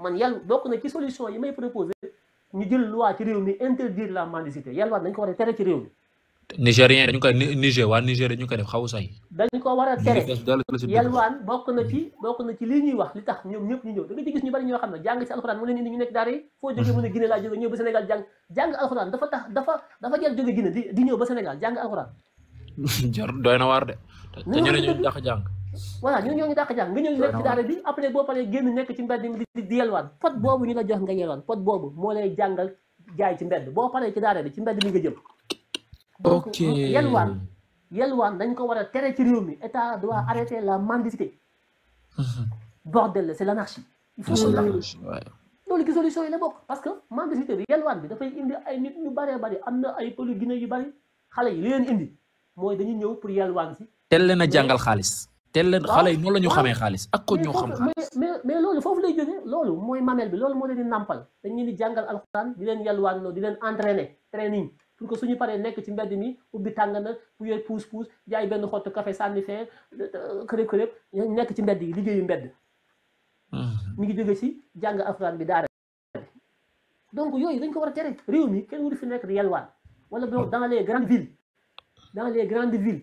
man yàlla bokk na ci solution yi may proposé ñu jël loi ci réew mi interdire la mendicité yàlla waat dañ ko war a tere ci réew mi. Nigérien dañu koy a tere yalwaan bokk na ci bokk na ci lii ñuy wax li tax ñoom ñëpp ñu ñëw da nga ci gis ñu bari ñoo xam ne jàng ci alxuraan mu leen indi ñu nekk daara yi foo jógee mu ne laa jóge ñëw ba Sénégal jàng alxuraan dafa tax dafa jël jóge Guinée di di ñëw ba Sénégal jàng alxuraan dooy doy na waar de te ñu ne ñu jàng waa ñun ñoo ngi dàq jàng nga ñëw nekk ci daara bi après boo paree génn nekk ci mbedd mi di yelwaan pot boobu ñu la jox nga yelwaan pot boobu moo lay jàngal jaay ci mbedd boo paree ci daara bi ci mbedd mi nga jëm ok yelwaan yelwaan dañ ko war a tere ci réew mi état doit arrêter la mendicité mhm. bordel la c'est l'anarchie il faut loolu gi la bokk parce que mendicité bi yelwaan bi dafay indi ay nit ñu baree bari am na ay pëlu Guinée yu bari xale yi li leen indi mooy dañu ñëw pour yelwaan si teel leen a jàngal xaalis teel leen xale yi noonu la ñu xamee xaalis ak ko ñoo xam xaalis mais mais loolu foofu lay jógee loolu mooy mamel bi loolu moo leen di nàmpal dañ leen di jàngal alxuraan di leen yalwaanloo di leen entraîner training pour que suñu paree nekk ci mbedd mi ubbi tàng na bu yor puus puus jaay benn xottu café sànni fee euh, euh, kërëb kërëb nekk ci mbedd yi liggéeyu mbedd hmm. mi ngi jóge ci jàng alxuraan bi daara donc yooyu dañ ko war a tere réew mi kenn wuri fi nekk di yalwaan wala donc dans les grandes villes dans les grande villes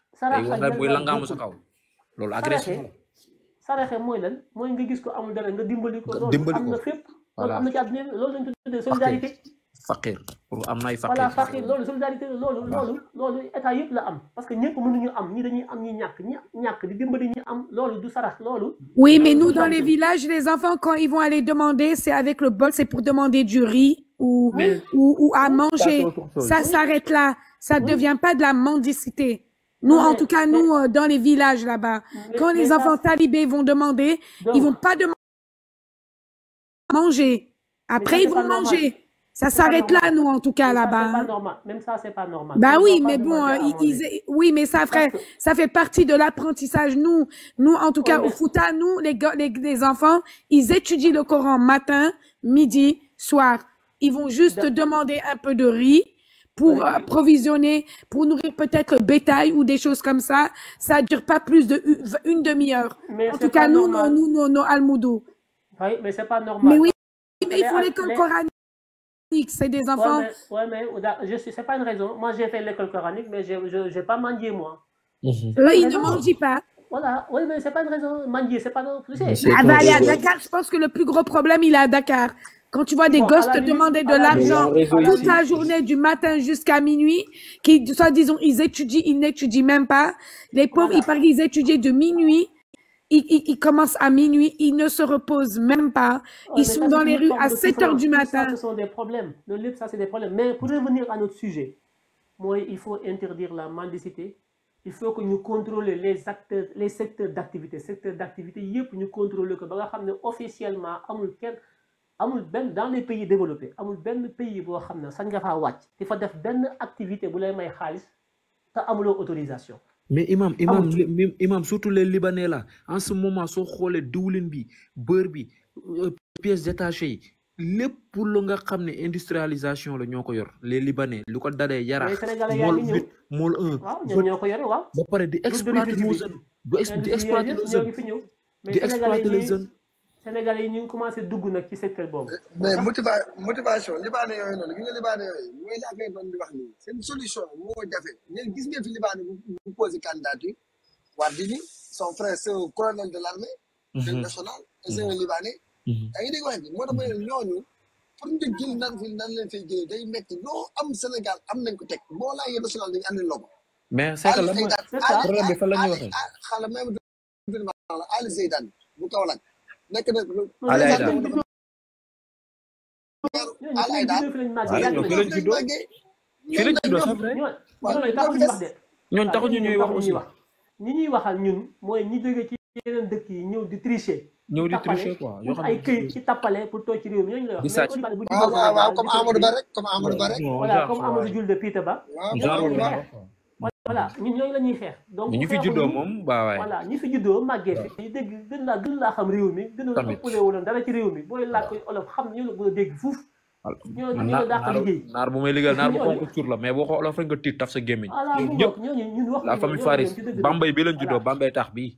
oui, mais nous, dans les villages, les enfants, quand ils vont aller demander, c'est avec le bol, c'est pour demander du riz ou, ou, à manger. Ça s'arrête là. Ça ne devient pas de la mendicité. Nous, en tout cas, nous, euh, dans les villages là-bas, quand les enfants talibés vont demander, ils vont pas demander manger. Après, ils vont manger. Ça s'arrête là, nous, en tout cas, là-bas. Hein. Même ça, c'est pas normal. Bah oui, mais bon, euh, ils, oui, mais ça, ça fait partie de l'apprentissage. Nous, nous, en tout cas, au Fouta, nous, les, les, enfants, ils étudient le Coran matin, midi, soir. Ils vont juste demander un peu de riz, pour approvisionner, euh, pour nourrir peut-être bétail ou des choses comme ça. Ça ne dure pas plus d'une demi-heure. En tout cas, nous, nous, nous, nous, nos Almoudou. Oui, mais c'est pas normal. Mais oui, mais il faut l'école coranique, c'est des enfants. Oui, mais, je suis, c'est pas une raison. Moi, j'ai fait l'école coranique, mais je n'ai pas mendié, moi. Mhm. Là, il ne mendie pas. Voilà, oui, mais n'est pas une raison. ce c'est pas notre sujet. Ah bah, à Dakar, je pense que le plus gros problème, il est à Dakar. Quand tu vois des ghosts gosses te demander de l'argent toute la journée, du matin jusqu'à minuit, qui, soit disons, ils étudient, ils n'étudient même pas. Les pauvres, ils parlent qu'ils étudient de minuit. Ils, ils, commencent à minuit, ils ne se reposent même pas. Ils sont dans les rues à 7 heures du matin. Ça, ce sont des problèmes. Le livre, ça, c'est des problèmes. Mais pour revenir à notre sujet, moi, il faut interdire la mendicité il faut que nous contrôlions les acteurs les secteurs d'activité secteurs d'activité nous ñu contrôler ko ba nga officiellement amul ken, amul dans les pays développés amul les pays pour xam ne sañ nga faut faire di fa def benn activité bu lay may ta te autorisation mais imam imam imam surtout les libanais là en ce moment ont xoolee doulins, les beurre bi euh, pièces détachées lépp lu nga xam ne industrialisation la ñoo ko yor les libanais lu ko dalee yarax mool huit mool un ba pare di exploiter nos jeunes di exploiter les jeunes di exploiter les jeunes sénégalais yi ñu commencé dugg nag ci secteur boobu mais motiva motivation libanais yooyu noonu gi nga libanais yooyu mooy laa koy doon di wax nii seen solution moo jafe ñeen gis ngeen fi libanais bu posé candidat yi candidature ni son frère c'est un colonel de l'armée mm-hmm. nationale et c'est un libanais Mm-hmm. yaa ngi dégg wax ji moo tax ma ne mm-hmm. ñooñu pour nga jël nan fi nan leen fay jëlee day métti loo am Sénégal am nañ ko teg boo laajee national dañu am nañ ma mais c'est que lan mooy problème bi fan la ñuy waxee. xaaral même Ali Zeydan bu nekk na. Ali Zeydan Ali Zeydan. waaw fi lañ juddoo fi lañ juddoo sax rek. ñuy wax de. ñuy waxal ñun mooy ñi jóge ci. dëkk yi ñëw di tricher. ñëw di tricher quoi yoo xam ne ay këyit ci tappale pour toog ci réew mi ñooñu la wax. Ah, waaw waaw waaw comme Amadou Ba rek comme Amadou Ba rek. voilà comme Amadou ñun ñooñu la ñuy xeex. donc ñu fi juddoo moom ba waay. voilà ñu fi juddoo màggee fi. ñu dégg gën laa gën laa xam réew mi. gën a ci réew mi booy làkk olof xam ñu la gën a bu may liggéeyal naar boo ko sa gémmiñ. ñëpp la famille Faris Bambey bi lañ ba Bambey tax bi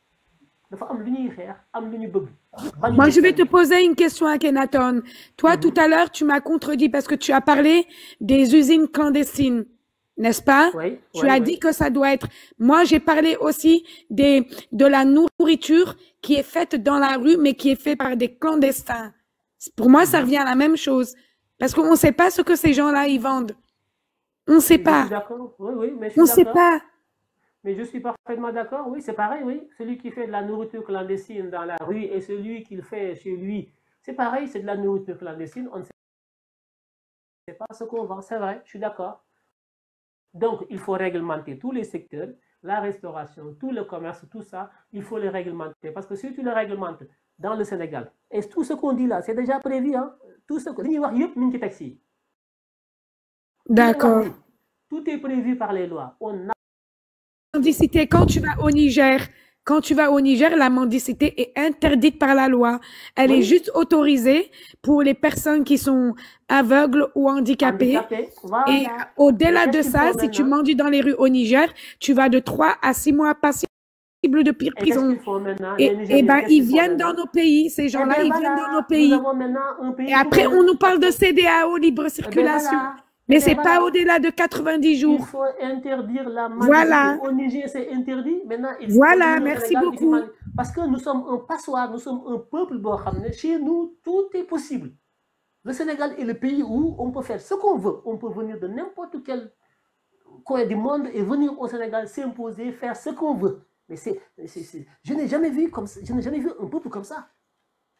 Moi, je vais te poser une question, à Kenaton. Toi, tout à l'heure, tu m'as contredit parce que tu as parlé des usines clandestines, n'est-ce pas oui, Tu as dit que ça doit être. Moi, j'ai parlé aussi des de la nourriture qui est faite dans la rue, mais qui est faite par des clandestins. Pour moi, ça revient à la même chose parce qu'on ne sait pas ce que ces gens-là ils vendent. On sait pas. On ne sait pas. Mais je suis parfaitement d'accord, oui, c'est pareil, oui. Celui qui fait de la nourriture clandestine dans la rue et celui qui le fait chez lui, c'est pareil, c'est de la nourriture clandestine. On ne sait pas ce qu'on vend, c'est vrai, je suis d'accord. Donc, il faut réglementer tous les secteurs, la restauration, tout le commerce, tout ça, il faut les réglementer. Parce que si tu le réglementes dans le Sénégal, et tout ce qu'on dit là, c'est déjà prévu, hein? tout ce qu'on dit, D'accord. Tout est prévu par les lois. On a mendicité, quand tu vas au Niger, quand tu vas au Niger, la mendicité est interdite par la loi. Elle est juste autorisée pour les personnes qui sont aveugles ou handicapées. Et au-delà de ça, si tu mendies dans les rues au Niger, tu vas de trois à six mois passibles de pire prison. Et, et, eh ben, ils viennent dans nos pays, ces eh ben gens-là, ils viennent dans nos pays. et après, on nous parle de CDAO, libre eh ben circulation. Mais c'est pas au-delà de 90 jours. Il faut interdire la maladie. Voilà. Au Niger, c'est interdit. Maintenant, voilà, merci beaucoup. Parce que nous sommes un passoire, nous sommes un peuple. Chez nous, tout est possible. Le Sénégal est le pays où on peut faire ce qu'on veut. On peut venir de n'importe quel coin du monde et venir au Sénégal s'imposer, faire ce qu'on veut. Mais c'est, je n'ai jamais vu comme je n'ai jamais vu un peuple comme ça.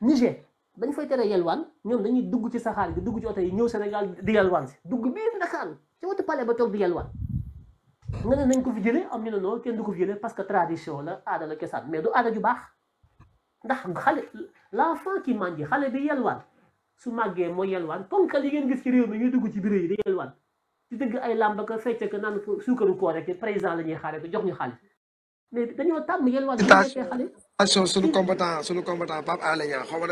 Niger, dañ fay tere yelwaan ñoom dañuy dugg ci saxaar gi dugg ci oto yi ñëw Sénégal di yelwaan si dugg biir Ndakaaru ci wetu palais ba toog di yelwaan nga ne nañ ko fi jëlee am ñu ne non kenn du ko fi jëlee parce que tradition la aada la kesaan mais du aada ju baax ndax xale l'enfant qui mendie xale bi yelwaan su màggee mooy yelwaan ponkal yi ngeen gis ci réew mi ñuy dugg ci bureau yi di yelwaan di dëgg ay làmba ko fecce ko naan suukaru koo rek président la ñuy jox ñu xaalis mais dañoo tàmm yelwaan. xale. sunu combattant sunu combattant Pape Alé Niang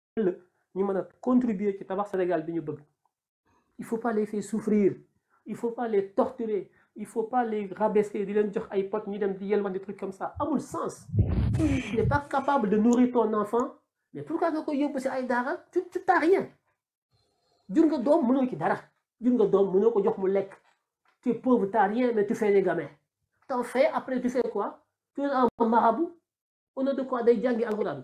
Nous ñu contribuer à contribuer ci tabax Sénégal bi ñu bëgg il faut pas les faire souffrir il faut pas les torturer il faut pas les rabaisser di leen jox ay pot ñu dem di yelwan des trucs comme ça amul sens tu n'es pas capable de nourrir ton enfant mais pourquoi tu n'as yóbbu si ay daara tu tu rien jur nga doom mënoo ci dara jur nga doom mënoo ko jox mu lekk tu es pauvre t'as rien mais tu fais des gamins t'en fais après tu fais quoi tu es un marabout on a de quoi day jàngi alxuraan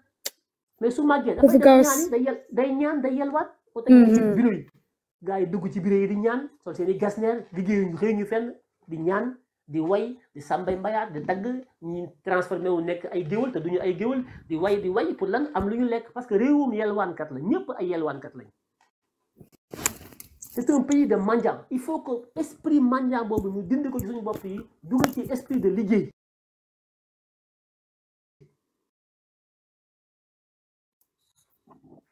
mais su màggee dafay ñaan day ñaan day yelwaat boo teg ci bureau yi gars yi dugg ci bureau yi di ñaan sol seen i gasneer liggéeyuñ xëy ñu fenn di ñaan di way di sàmbay mbayaat di dagg ñu transformé wu nekk ay géwal duñu ay géwal di way di way pour lan am lu ñu lekk parce que réewum yelwaankat la ñëpp ay yelwaankat lañ c'est un pays de mendiant il faut que esprit mendiant boobu ñu dindi ko ci suñu bopp yi dugal ci esprit de liggéey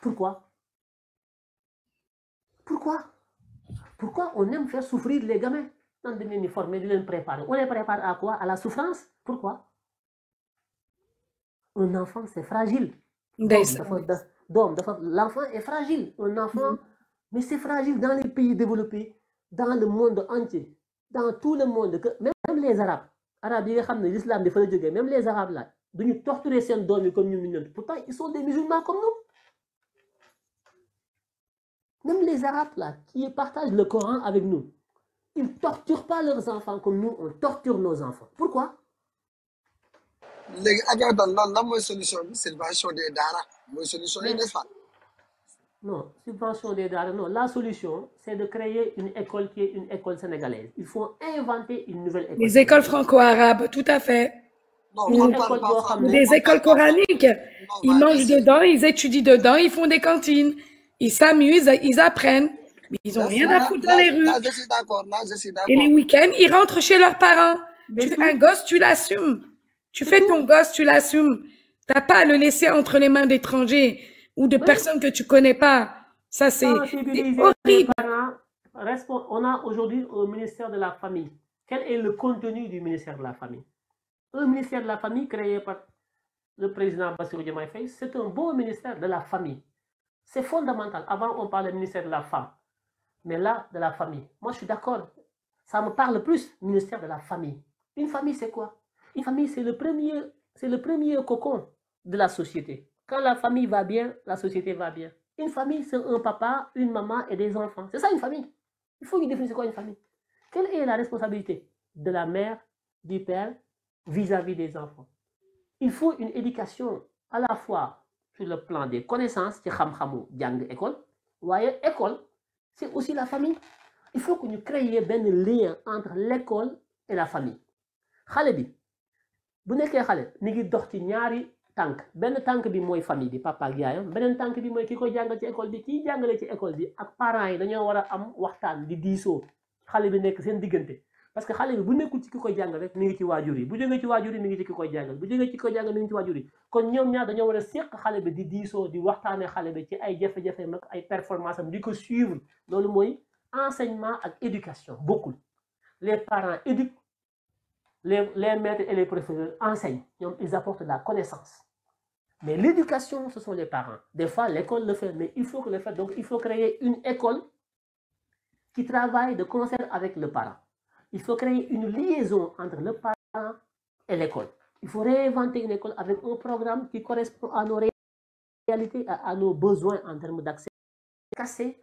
Pourquoi Pourquoi Pourquoi on aime faire souffrir les gamins dans de On les prépare à quoi À la souffrance Pourquoi Un enfant, c'est fragile. L'enfant est fragile. Un enfant, mm-hmm. mais c'est fragile dans les pays développés, dans le monde entier, dans tout le monde. Que, même les Arabes, Arabes, l'islam, même les Arabes là, de nous torturer ces comme nous. Pourtant, ils sont des musulmans comme nous. Même les Arabes, là, qui partagent le Coran avec nous, ils ne torturent pas leurs enfants comme nous, on torture nos enfants. Pourquoi la solution c'est de créer une école qui est une école sénégalaise il faut inventer une nouvelle école les écoles franco-arabes tout à fait non, des écoles coraniques ils bah, mangent dedans ils étudient dedans ils font des cantines ils s'amusent, ils apprennent, mais ils n'ont rien à foutre dans les rues. Et les week-ends, ils rentrent chez leurs parents. Tu fais un gosse, tu l'assumes. Tu fais ton gosse, tu l'assumes. Tu T'as pas à le laisser entre les mains d'étrangers ou de personnes que tu ne connais pas. Ça, c'est horrible. On a aujourd'hui au ministère de la Famille. Quel est le contenu du ministère de la Famille Le ministère de la Famille créé par le président Bassirou Fay, c'est un beau ministère de la Famille. C'est fondamental. Avant, on parlait du ministère de la femme. Mais là, de la famille. Moi, je suis d'accord. Ça me parle plus, ministère de la famille. Une famille, c'est quoi Une famille, c'est le, premier, le premier cocon de la société. Quand la famille va bien, la société va bien. Une famille, c'est un papa, une maman et des enfants. C'est ça une famille. Il faut définir définisse quoi une famille. Quelle est la responsabilité de la mère, du père, vis à -vis des enfants Il faut une éducation à la fois sur le plan des connaissances ci xam-xamu jang école Waye école c'est aussi la famille il faut que nous créer ben lien entre l'école et la famille Xalé bi bu nekké xalé, ni ngi dox ci ñaari tank. Ben tank bi moy famille bi papa ak yaayam Benen tank bi moy kiko koy ci école bi ki jangale ci école bi ak parents yi dañoo am waxtaan di diso. xalé bi nekk seen diggante parce que xalé bi bu nekul ci kiko koy rek mi ngi ci wajuri bu jógee ci wajuri yi mi ngi ci kiko koy bu jógee ci ki koy jàngal mi ngi ci wajuri kon ñom ñaar dañu war a xalé bi di diiso di waxtaanee xalé bi ci ay jafé jafé ak ay performance am di ko suivre lolu moy enseignement ak éducation Beaucoup. les parents éduquent les les maîtres et les professeurs enseignent ñom ils apportent la connaissance mais l'éducation ce sont les parents des fois l'école le fait mais il faut que le fait donc il faut créer une école qui travaille de concert avec le parent il faut créer une liaison entre le parent et l'école. Il faut réinventer une école avec un programme qui correspond à nos réalités, à, nos besoins en termes d'accès. Casser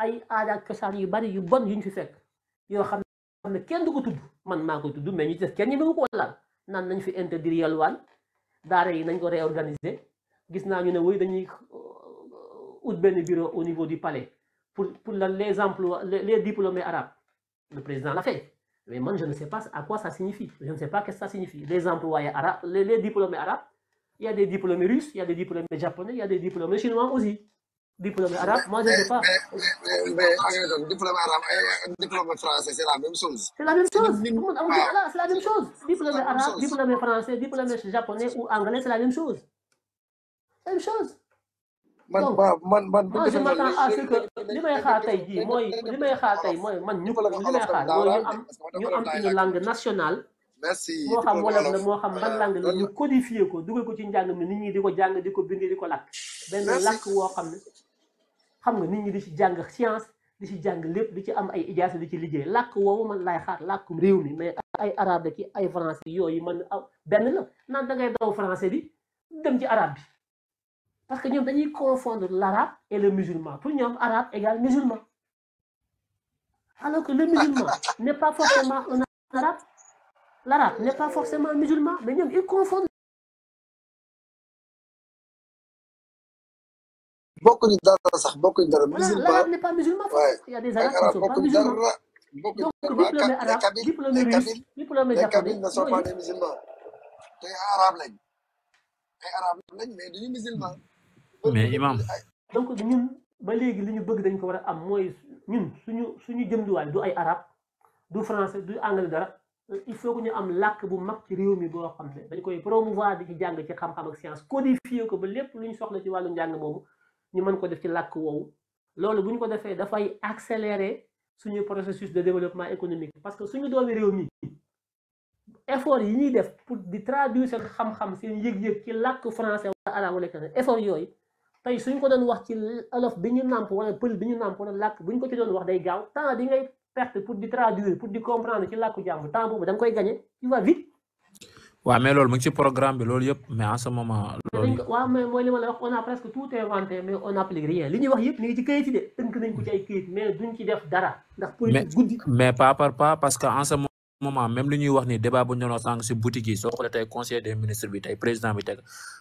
ay aada ak cosaan yu bari yu bon yu fi fekk yoo xam ne kenn du ko tudd man m'a ko tudd mais ñu def kenn ñemewu ko laal naan nañ fi interdire yalwaan daara yi nañ ko réorganiser gis naa ñu ne woy dañuy euh, bureau au niveau du palais pour pour les diplômés arabes le président l'a fait mais moi, je ne sais pas à quoi ça signifie. Je ne sais pas ce que ça signifie. Les employés arabes, les, diplômés arabes, il y a des diplômés russes, il y a des diplômés japonais, il y a des diplômés chinois aussi. Diplômés arabes, moi, je ne sais pas. Mais, mais diplômé arabe et diplômé français, c'est la même chose. C'est la même chose. C'est la même chose. Diplômé arabe, diplômés français, diplômés japonais ou anglais, c'est la même chose. C'est La même chose. man man man bu ñu defee li may xaar tey jii mooy li may xaar tey mooy man ñu li may xaar mooy ñu am ñu am une langue nationale. moo xam wolof la moo xam ban euh, langue la ñu codifié ko dugal ko ci njàng mi nit ñi di ko jàng di ko bindee di ko làkk. benn làkk woo xam ne xam nga nit ñi di ci jàng science di ci jàng lépp di ci am ay ijaasa di ci liggéey làkk woowu man laay xaar làkkum réew mi mais ay arabe ki ay français yooyu man benn la naan da ngay daw français bi dem ci arabe bi. parce que nous dañuy confondre l'arabe et le musulman pour nous, arabe égale musulman alors que le musulman n'est pas forcément un arabe l'arabe n'est pas forcément un musulman mais nous, ils confondent Beaucoup de gens dara l'arabe n'est pas musulman il y a des arabes qui ne sont pas musulmans donc diplôme arabe pas russe diplôme japonais ne sont pas des musulmans un arabe lañ te arabe lañ mais duñu musulman mais imam donc ñun ba léegi lu ñu bëgg dañ ko war a am mooy ñun suñu suñu jëmduwaay du ay arab du français du anglais dara il faut que ñu am làkk bu mag ci réew mi boo xam ne dañ koy promouvoir di ci jàng ci xam-xam ak science ko ba lépp lu ñu soxla ci wàllu njàng moomu ñu mën ko def ci làkk woowu loolu bu ñu ko defee dafay accélérer suñu processus de développement économique parce que suñu doomi réew mi effort yi ñuy def pour di traduire seen xam seen yëg-yëg ci làkk français wala arabe wala effort yooyu tey suñ ko doon wax ci olof bi ñu nàmp pël bi ñu nàmp wala làkk buñ ko ci doon wax day gaaw temps di ngay perte pour di traduire pour di comprendre ci làkku jàmm temps boobu koy gagné tu vas vite. waaw mais loolu mu ci programme bi loolu yëpp mais en ce moment. mooy li ma la wax on a presque tout inventé mais on applique rien li ñuy wax yëpp ni ci kayit de tënk nañ ko ci ay kayit mais duñ ci def dara. ndax politique guddi mais pas par pas parce que en moment même li ñuy wax ni débat bu ñu doon ci boutique yi soo xoolee tey conseil des ministres bi tay président bi teg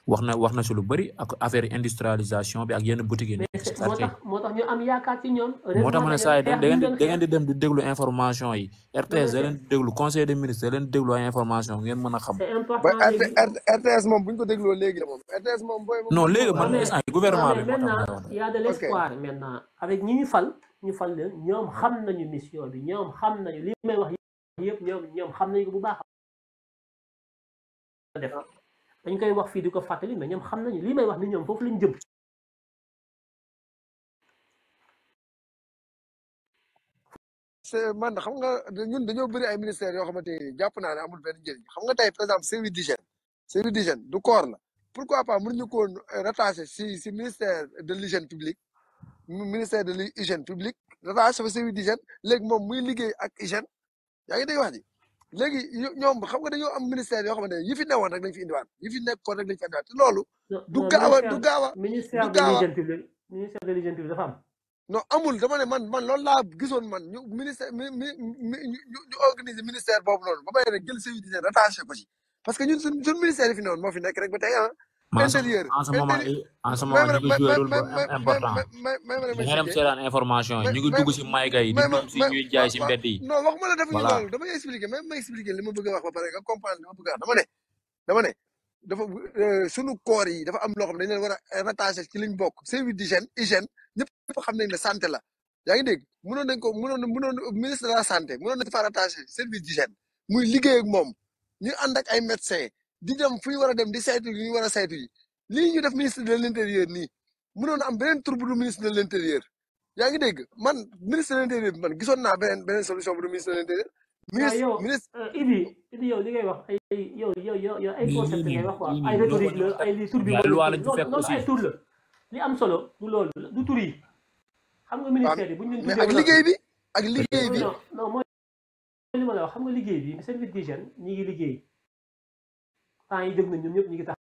waxna waxna wax lu bari ak affaire industrialisation bi ak yenn boutique yi. moo tax moo tax ñu am yaakaar ci ñoom. motax tax ma ne saa yi da ngeen di dem di déglu information yi RTS da leen déglu conseil des ministres da leen déglu ay information ngeen mëna a xam. RTS mom buñ ko déglu légui mom RTS mom boy booy. non légui man instant gouvernement bi motax tax y a de l'espoir maintenant avec ñi ñu fal ñu fal leen ñoom xam nañu mission bi ñoom xam nañu li may wax yëpp ñoom ñoom xam nañu ko bu baax def koy wax fii di ko fàttali mais ñoom xam nañu lii may wax ni ñoom foofu lañ jëm man xam nga ñun dañoo bëri ay ministère yoo xamante ni jàpp naa ne amul benn njëriñ xam nga tey par exemple service d'hygiène service d'hygiène du corps la pourquoi pas mënuñu ko euh, rattaché si si ministère de l'hygiène publique ministère de l'hygiène publique rattaché fa service d'hygiène léegi moom muy liggéey ak hygiène yaa ngi dégg wax ji léegi ñoom xam nga dañoo am ministère yoo xam ne yi fi newoon rek dañ fi indiwaat yi fi nekkoon rek dañ fi indiwaat loolu. du gaaw a du gaawa a ministère de lijjanti bi ministère de am. non amul dama ne man man loolu laa gisoon man ñu ministère mi mi ñu ñu organiser ministère boobu noonu ba pare rek jël service d'hygiène rattaché ko ci. parce que ñun suñ suñ ministère yi fi newoon moo fi nekk rek ba tey ah. intérieur en ce moment en ce moment ñu ngi information yi ñu ngi dugg si mayga yi di dugg si ñuy jaay si mbedd yi. non waxuma la dafa ñu loolu damay ma expliquer li ma bëgg a wax ba pare nga comprendre a wax dafa koor yi dafa am loo xam ne dañ leen war a rattaché ci liñ bokk service d'hygiène hygiène ñëpp xam nañ ne santé la yaa ngi dégg nañ ko mënoon mënoon ministre de la santé mënoon nañ ko fa rattaché service d'hygiène muy liggéey ak moom ñu ànd ak ay médecins di dem fu ñu war a dem di saytu li ñu war a saytu yi lii ñu def ministre de l' intérieur nii mënoon am beneen tur bu du ministre de l' intérieur yaa ngi dégg man ministre de l' intérieur bi man gisoon naa beneen beneen solution bu du ministre de l' intérieur. ministre ministre euh, Idi Idi yow li ngay wax ay yow yow yow ay concept ngay wax quoi ay rhétorique la ay li tur bi loolu ay tur la li am solo du loolu du tur yi xam nga ministère yi bu ñu leen ak liggéey bi ak liggéey bi non mooy li ma la wax xam nga liggéey bi service d'hygiène ñi ngi liggéey temps yi jóg na ñoom ñëpp ngi tax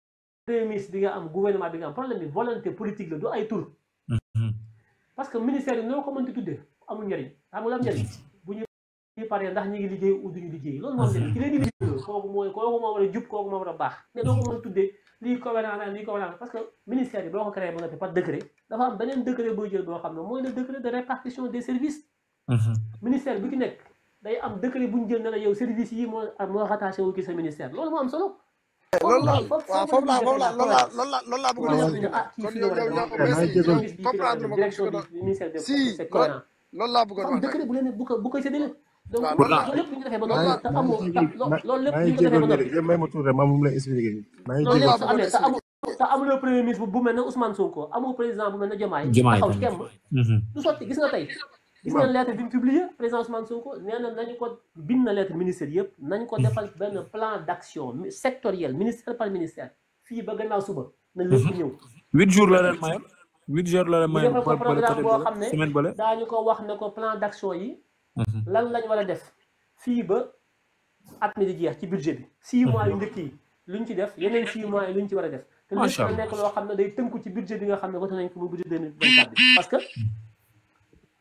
prémisse bi nga am gouvernement bi nga am problème bi volonté politique la du ay tur mm-hmm. parce que ministère yi noo ko mënti tuddee amul njëriñ xam nga am njëriñ bu ñu paree ndax ñu ngi liggéey ou duñu liggéey loolu moom njëriñ mm-hmm. ki leen di liggéey kooku mooy kooku moo war a jub a baax mais doo ko mën tuddee lii gouvernance parce que ministère yi boo ko créé ba nga fi par décret dafa am beneen décret boo jël boo xam ne mooy le décret mm-hmm. ministère bu ki nekk day am décret bu ñu jël ne la yow service yi moo moo rattaché wu ki sa ministère loolu loolu la waaw foofu laa foofu laa loolu laa loolu a kon yow yow yow mais si comprendre ma si loolu laa bëgg a wax décret bu leen bu ko bu ko séddale donc loolu lépp lu ñu defee ba noonu te amoo loolu lépp lu ñu defee ma tuuti ma mu lay expliquer loolu lépp su amuloo premier ministre bu mel ne Ousmane ko amoo président bu mel ne Diomaye taxaw mhm. du sotti gis nga tey gis ngeen lettre bi mu publier président Ousmane Sonko nee na nañu ko bind na lettre ministère yëpp nañ ko defal benn plan d' action sectoriel ministère par ministère fii ba gannaaw suba na lépp ñëw huit jours la leen mayoon huit jours la leen mayoon ko programme boo xam ne daañu ko wax ne ko plan d' action yi lan lañ war a def fii ba at mi di jeex ci budget bi six mois yu njëkk yi luñ ci def yeneen six mois yi luñ ci war a def te luñ nekk loo xam ne day tënku ci budget bi nga xam ne wote nañ ko bu budget deux mille vingt-quatre bi parce que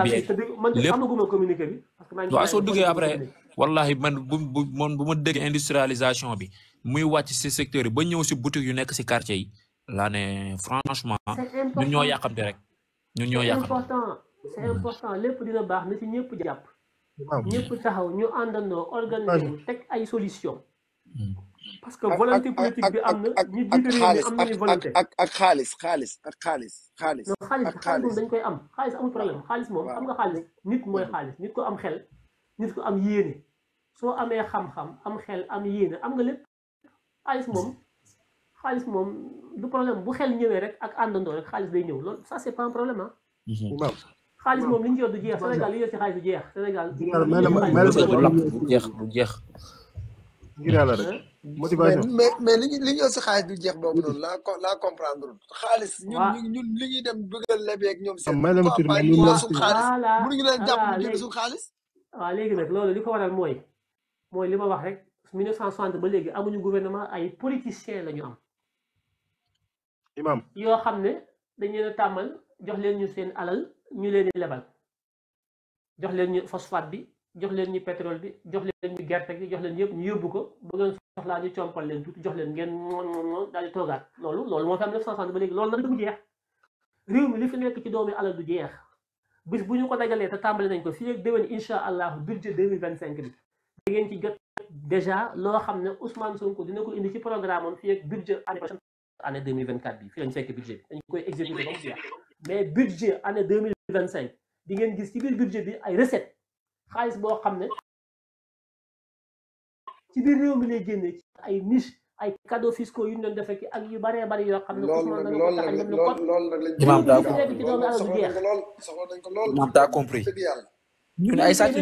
bien lépp waaw soo duggee après wallahi man bu bu man bu ma dégg industrialisation bi muy wàcc si secteur yi ba ñëw si boutique yu nekk si quartier yi laa ne franchement ñun ñoo yàqamte rek ñun ñoo yàqamte c'est hmm. lépp dina baax na si ñëpp jàpp ñëpp taxaw ñu àndandoo organiser teg ay solution hmm. parce que volonté politique bi am na ñu jiite réew mi am ak xaalis xaalis ak xaalis xaalis non xaalis xaalis moom dañ koy am xaalis amul problème xaalis moom xam nga xaalis nit mooy mm-hmm. xaalis ko am xel nit am yéene soo amee xam am xel am yéene am nga lépp xaalis moom xaalis moom du problème bu xel ñëwee rek ak àndandoo rek xaalis day ñëw loolu sa c'est pas un problème mm-hmm. xaalis moom li ñu yor du jeex Sénégal li ñu yor ci xaalis du jeex Sénégal du jeex du jeex ngir motivation mais mais li ñu li ñu si xaalis du jeex boobu noonu laa laa comprendre xaalis. waaw li ñuy dem bëggal lebeeg ñoom seen. Ah, may la ma tur bi ñu suñu xaalis mënuñu leen jàpp ñu jënd xaalis. waaw léegi nag loolu li ko waral mooy mooy li ma wax rek 1960 ba léegi amuñu gouvernement ay politiciens la ñu am. imam yoo xam ne dañu leen a tàmmal jox leen ñu seen alal ñu leen di lebal jox leen ñu phosphate bi. jox leen ñi pétrole bi jox leen gerte gi joxleen yëpp ñu yóbbu ko ba ngeen soxlaa ñu compal leen tuuti jox leen ngeen moon moon moon daal di toogaat loolu loolu moo fi am neuf cent soixante ba léegi loolu nag du jeex réew mi li fi nekk ci doomi jeex bis bu ñu ko dajalee te tàmbali nañ ko fii incha allah budget deux mille vingt cinq bi ci jot dèjà loo xam ne Ousmane Sonko dina ko indi ci programme am fii ak budget année prochaine année deux mille vingt quatre bi fii lañ fekk budget dañ koy exécuté ngeen gis ci biir budget bi ay xaalis boo xam ne ci biir réew mi lay génne ay niche ay cadeaux fiscaux yu ñu doon defee ak yu baree bari yoo xam ne. loolu nag loolu nag loolu nag lañ. imaam ko loolu soxla nañ ko lool soxla nañ ko lool. imaam daa compris. ñun ay sàcc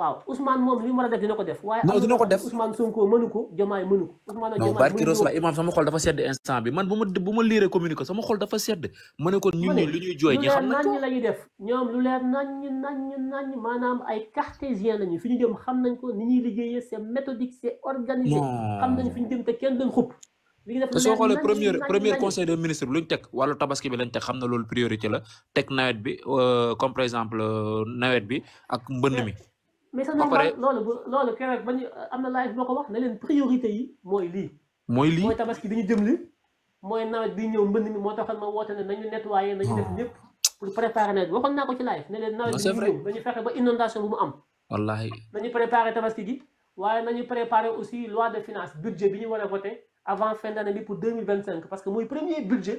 waaw Ousmane moom li mu war def dina ko def. waaye am dina ko def Ousmane Sonko mënu ko Diomaye mënu ko. Ousmane Diomaye mënu dafa sedd instant bi man bu ma bu ma liiree communiqué sama xol dafa sedd. ma ne ko ñun ñi lu ñuy jooy ñi xam nañ ko def ñoom lu leer nañ nañ nañ maanaam ay cartésien lañu fi ñu jëm xam nañ ko ni ñuy liggéeye c'est méthodique c'est organisé. xam nañ fi ñu jëm te kenn doon xupp. te soo xoolee premier premier conseil des ministres bi lu ñu teg wàllu tabaski bi lañ teg xam na loolu priorité la teg nawet bi euh, comme par exemple euh, nawet bi ak mbënn mi eh, mais sax loolu bu loolu ba euh, live wax priorité yi mooy lii. mooy lii mooy tabaski dañu li mooy bi mi taxal ma nañu nettoyé nañu def oh. pour préparer nawet waxoon ci live bi dañu ba inondation bu mu am. wallaahi nañu préparer tabaski gi nañu préparer aussi loi de finance budget bi ñu war a avant fin d'année bi pour 2025, parce que mooy premier budget.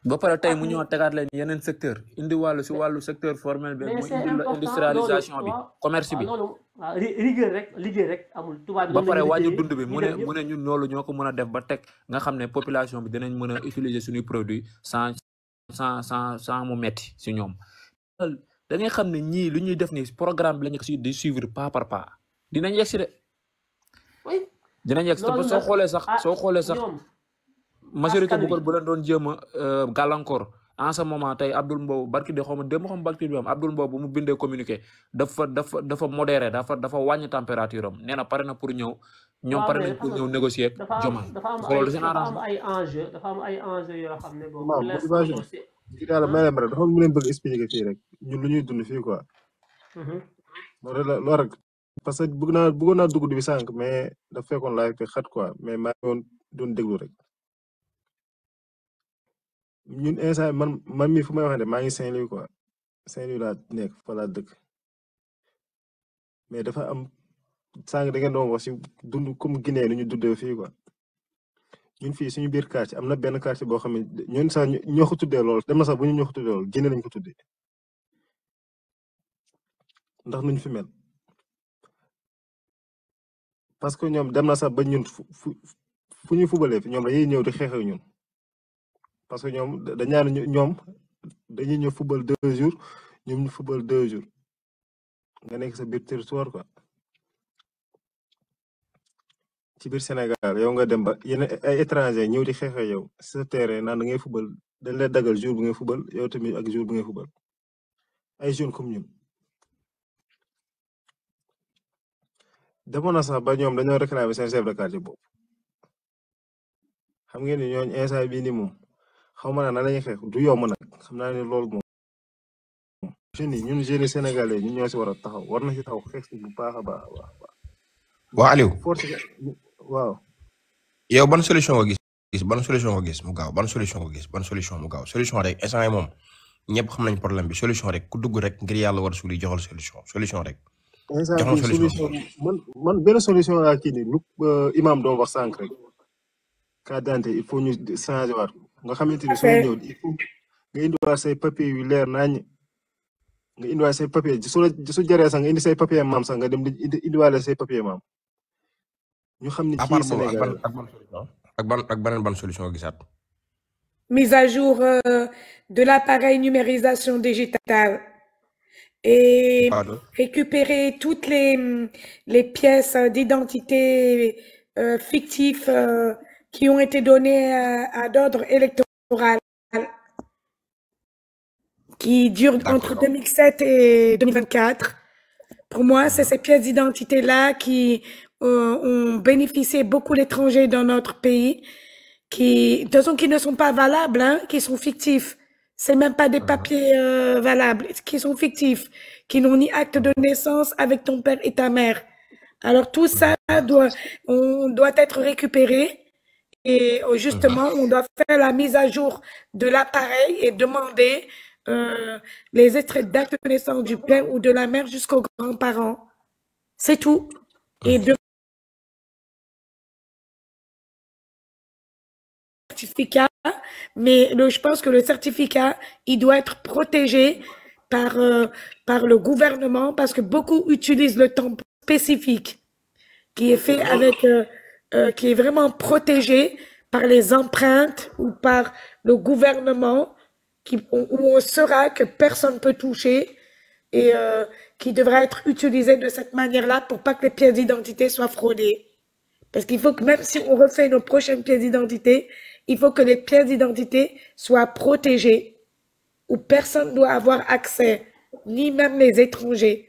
ba pare tey mu ah, ñëw tegaat leen yeneen secteur indi wàllu si wàllu secteur formel bi mu indi la industrialisation bi commerce bi ah, rigueur liggéey rek amul tubaab ba pare wàññi dund bi mu ne mu ne ñun loolu ñoo ko mën a def ba teg nga xam ne population bi dinañ mën a utiliser suñuy produit sans sans sans sans mu metti si ñoom da ngay xam ne ñii lu ñuy def ni programme bi la ñu ko si di suivre pas par pas dinañ yegg si de dinañ yegg si ah, soo xoolee sax soo xoolee sax majorité bu bu leen doon jéem a euh, gàllankoor en ce moment tey Abdoul mbo barki de xaw ma démb xaw ma barki bi am Abdoul Mbow bu mu bindee communiqué dafa dafa dafa modéré dafa dafa wàññi température am nee na pare na pour ñëw. ñoom pare nañ pour ñëw négocier ak Diomaye. dafa am dafa am ay enjeu dafa am ay enjeu yoo xam ne boobu. rek ah. dafa am bëgg expliquer fii rek ñun lu ñuy dund fii koi mm-hmm. loolu la rek parce que bëgg naa bëggoon naa dugg bi sànq mais dafa fekkoon live bi xat quoi mais maa ngi doon déglu rek. ñun instant man man mii fu may waxee maa ngi Saint-Louis quoi Saint-Louis laa nekk fa laa dafa am sànq da ngeen doon wax si dund comme Guinée ni ñu dundee fii quoi ñun fii suñu biir karce am na benn quartier boo xam ne ñun sax ñoo ko tuddee lool dem na sax bu ñu ñoo ko tuddee lool Guinée ko tuddee ndax nuñ fi mel que ñoom dem na sax ba ñun fu fu ñu fubalee ñoom dañuy ñëw di xeexee ñun. parce que ñoom dañu naan ñoom dañuy ñëw football deux jours ñoom ñu football deux jours nga nekk sa biir territoire quoi biir Sénégal yow nga dem ba yeneen ay étranger ñëw di xeex yow sa terrain naan da ngay football dañ lay dagal jour bu ngay football yow tamit ak jour bu ngay football ay jeunes comme ñun. demoon sax ba ñoom dañoo réclamer seen chef de quartier boobu xam ngeen ni ñooñu instant moom. xaw ma naa na lañuy xeex du yomb nag xam naa ne loolu moom jeunes yi ñun jeunes ñoo si war a taxaw war na si taxaw xeex si bu baax a baax a baax waa Aliou waaw yow ban solution nga gis gis ban solution nga gis mu gaaw ban solution nga gis ban solution mu gaaw solution rek instant yi moom ñëpp xam nañ problème bi solution rek ku dugg rek ngir yàlla war a suuli joxal solution rek joxal solution man man benn solution laa kii ni lu euh, imaam doon sànq rek carte d'identité il ñu changer mise à jour euh, de l'appareil numérisation digitale et récupérer toutes les les pièces d'identité euh, fictives. Euh, qui ont été donnés à, euh, à d'ordre électoral qui durent entre 2007 et 2024. Pour moi, c'est ces pièces d'identité-là qui euh, ont bénéficié beaucoup l'étranger dans notre pays, qui, de façon, qui ne sont pas valables, hein, qui sont fictifs. C'est même pas des ah. papiers euh, valables, qui sont fictifs, qui n'ont ni acte de naissance avec ton père et ta mère. Alors tout ça doit, on doit être récupéré et euh, justement, mhm. on doit faire la mise à jour de l'appareil et demander euh, les extraits d'acte de naissance du père ou de la mère jusqu'aux grands-parents. C'est tout. Et mhm. de certificat, mais je pense que le certificat, il doit être protégé par, euh, par le gouvernement parce que beaucoup utilisent le temps spécifique qui est fait avec euh, qui est vraiment protégé par les empreintes ou par le gouvernement, où on saura que personne ne peut toucher et euh, qui devra être utilisé de cette manière-là pour pas que les pièces d'identité soient fraudées. Parce qu'il faut que même si on refait nos prochaines pièces d'identité, il faut que les pièces d'identité soient protégées, où personne ne doit avoir accès, ni même les étrangers.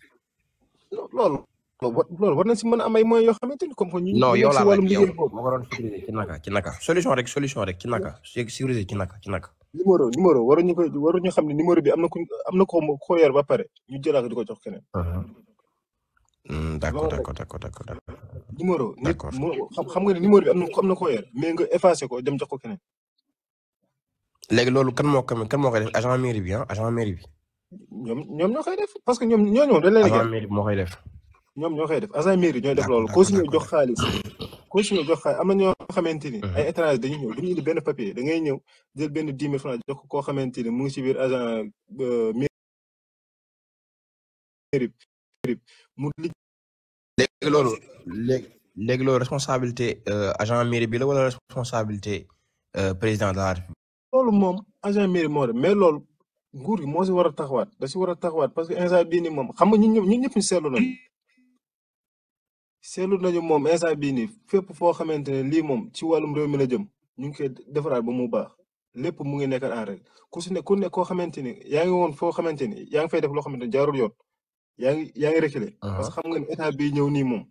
loolu. loolu war na si mën a am ay moyens yoo xamante ni comme que yow laa laaj moo ko doon sécuriser ci naka ci naka solution rek solution rek ci naka sécuriser ci naka ci naka. numéro numéro waruñu ko waruñu xam ne numéro bi am na ku am na ko ko yor ba pare ñu jëlaat di ko jox keneen. Hmm, d' accord d' accord d' accord d' accord. numéro nit xam nga ne numéro bi am na am na mais nga effacé ko dem jox ko keneen. léegi loolu kan moo ko kan moo koy def agent mairie bi ah agent bi. ñom ñoom ñoo def parce que ñom ñoo ñoo dañ leen a. agent mairie mo koy def. ñom ñoo koy def agent mairie ñoy def lolu ko su ñu jox xaliss ko su ñu jox xaalis am ñoo xamanteni mhm. ay étranger dañuy ñëw duñu indi ben papier da ngay ñëw jël ben 10000 francs franc jox ko xamanteni mu ngi ci biir agent euh, mairie bi mu ligg. lolu loolu léegi léegi responsabilité euh, agent mairie bi la wala responsabilité euh, président de la République. loolu moom agent mairie mo def mais lolu nguur gi moo si war a taxawaat da si war a taxawaat parce que instant bii nii moom xam nga ñun ñëpp ñun ñëpp ñu seetlu nañu seetlu nañu moom instant bii nii fépp foo xamante ne lii moom ci wàllum réew mi la jëm ñu ngi koy defaraat ba mu baax lépp mu ngi nekk en règle ku si koo xamante ni yaa ngi woon foo xamante ni yaa ngi fay def loo xamante jaarul yoon yaa ngi yaa ngi reculer. Ah. xam nga bii ñëw nii moom.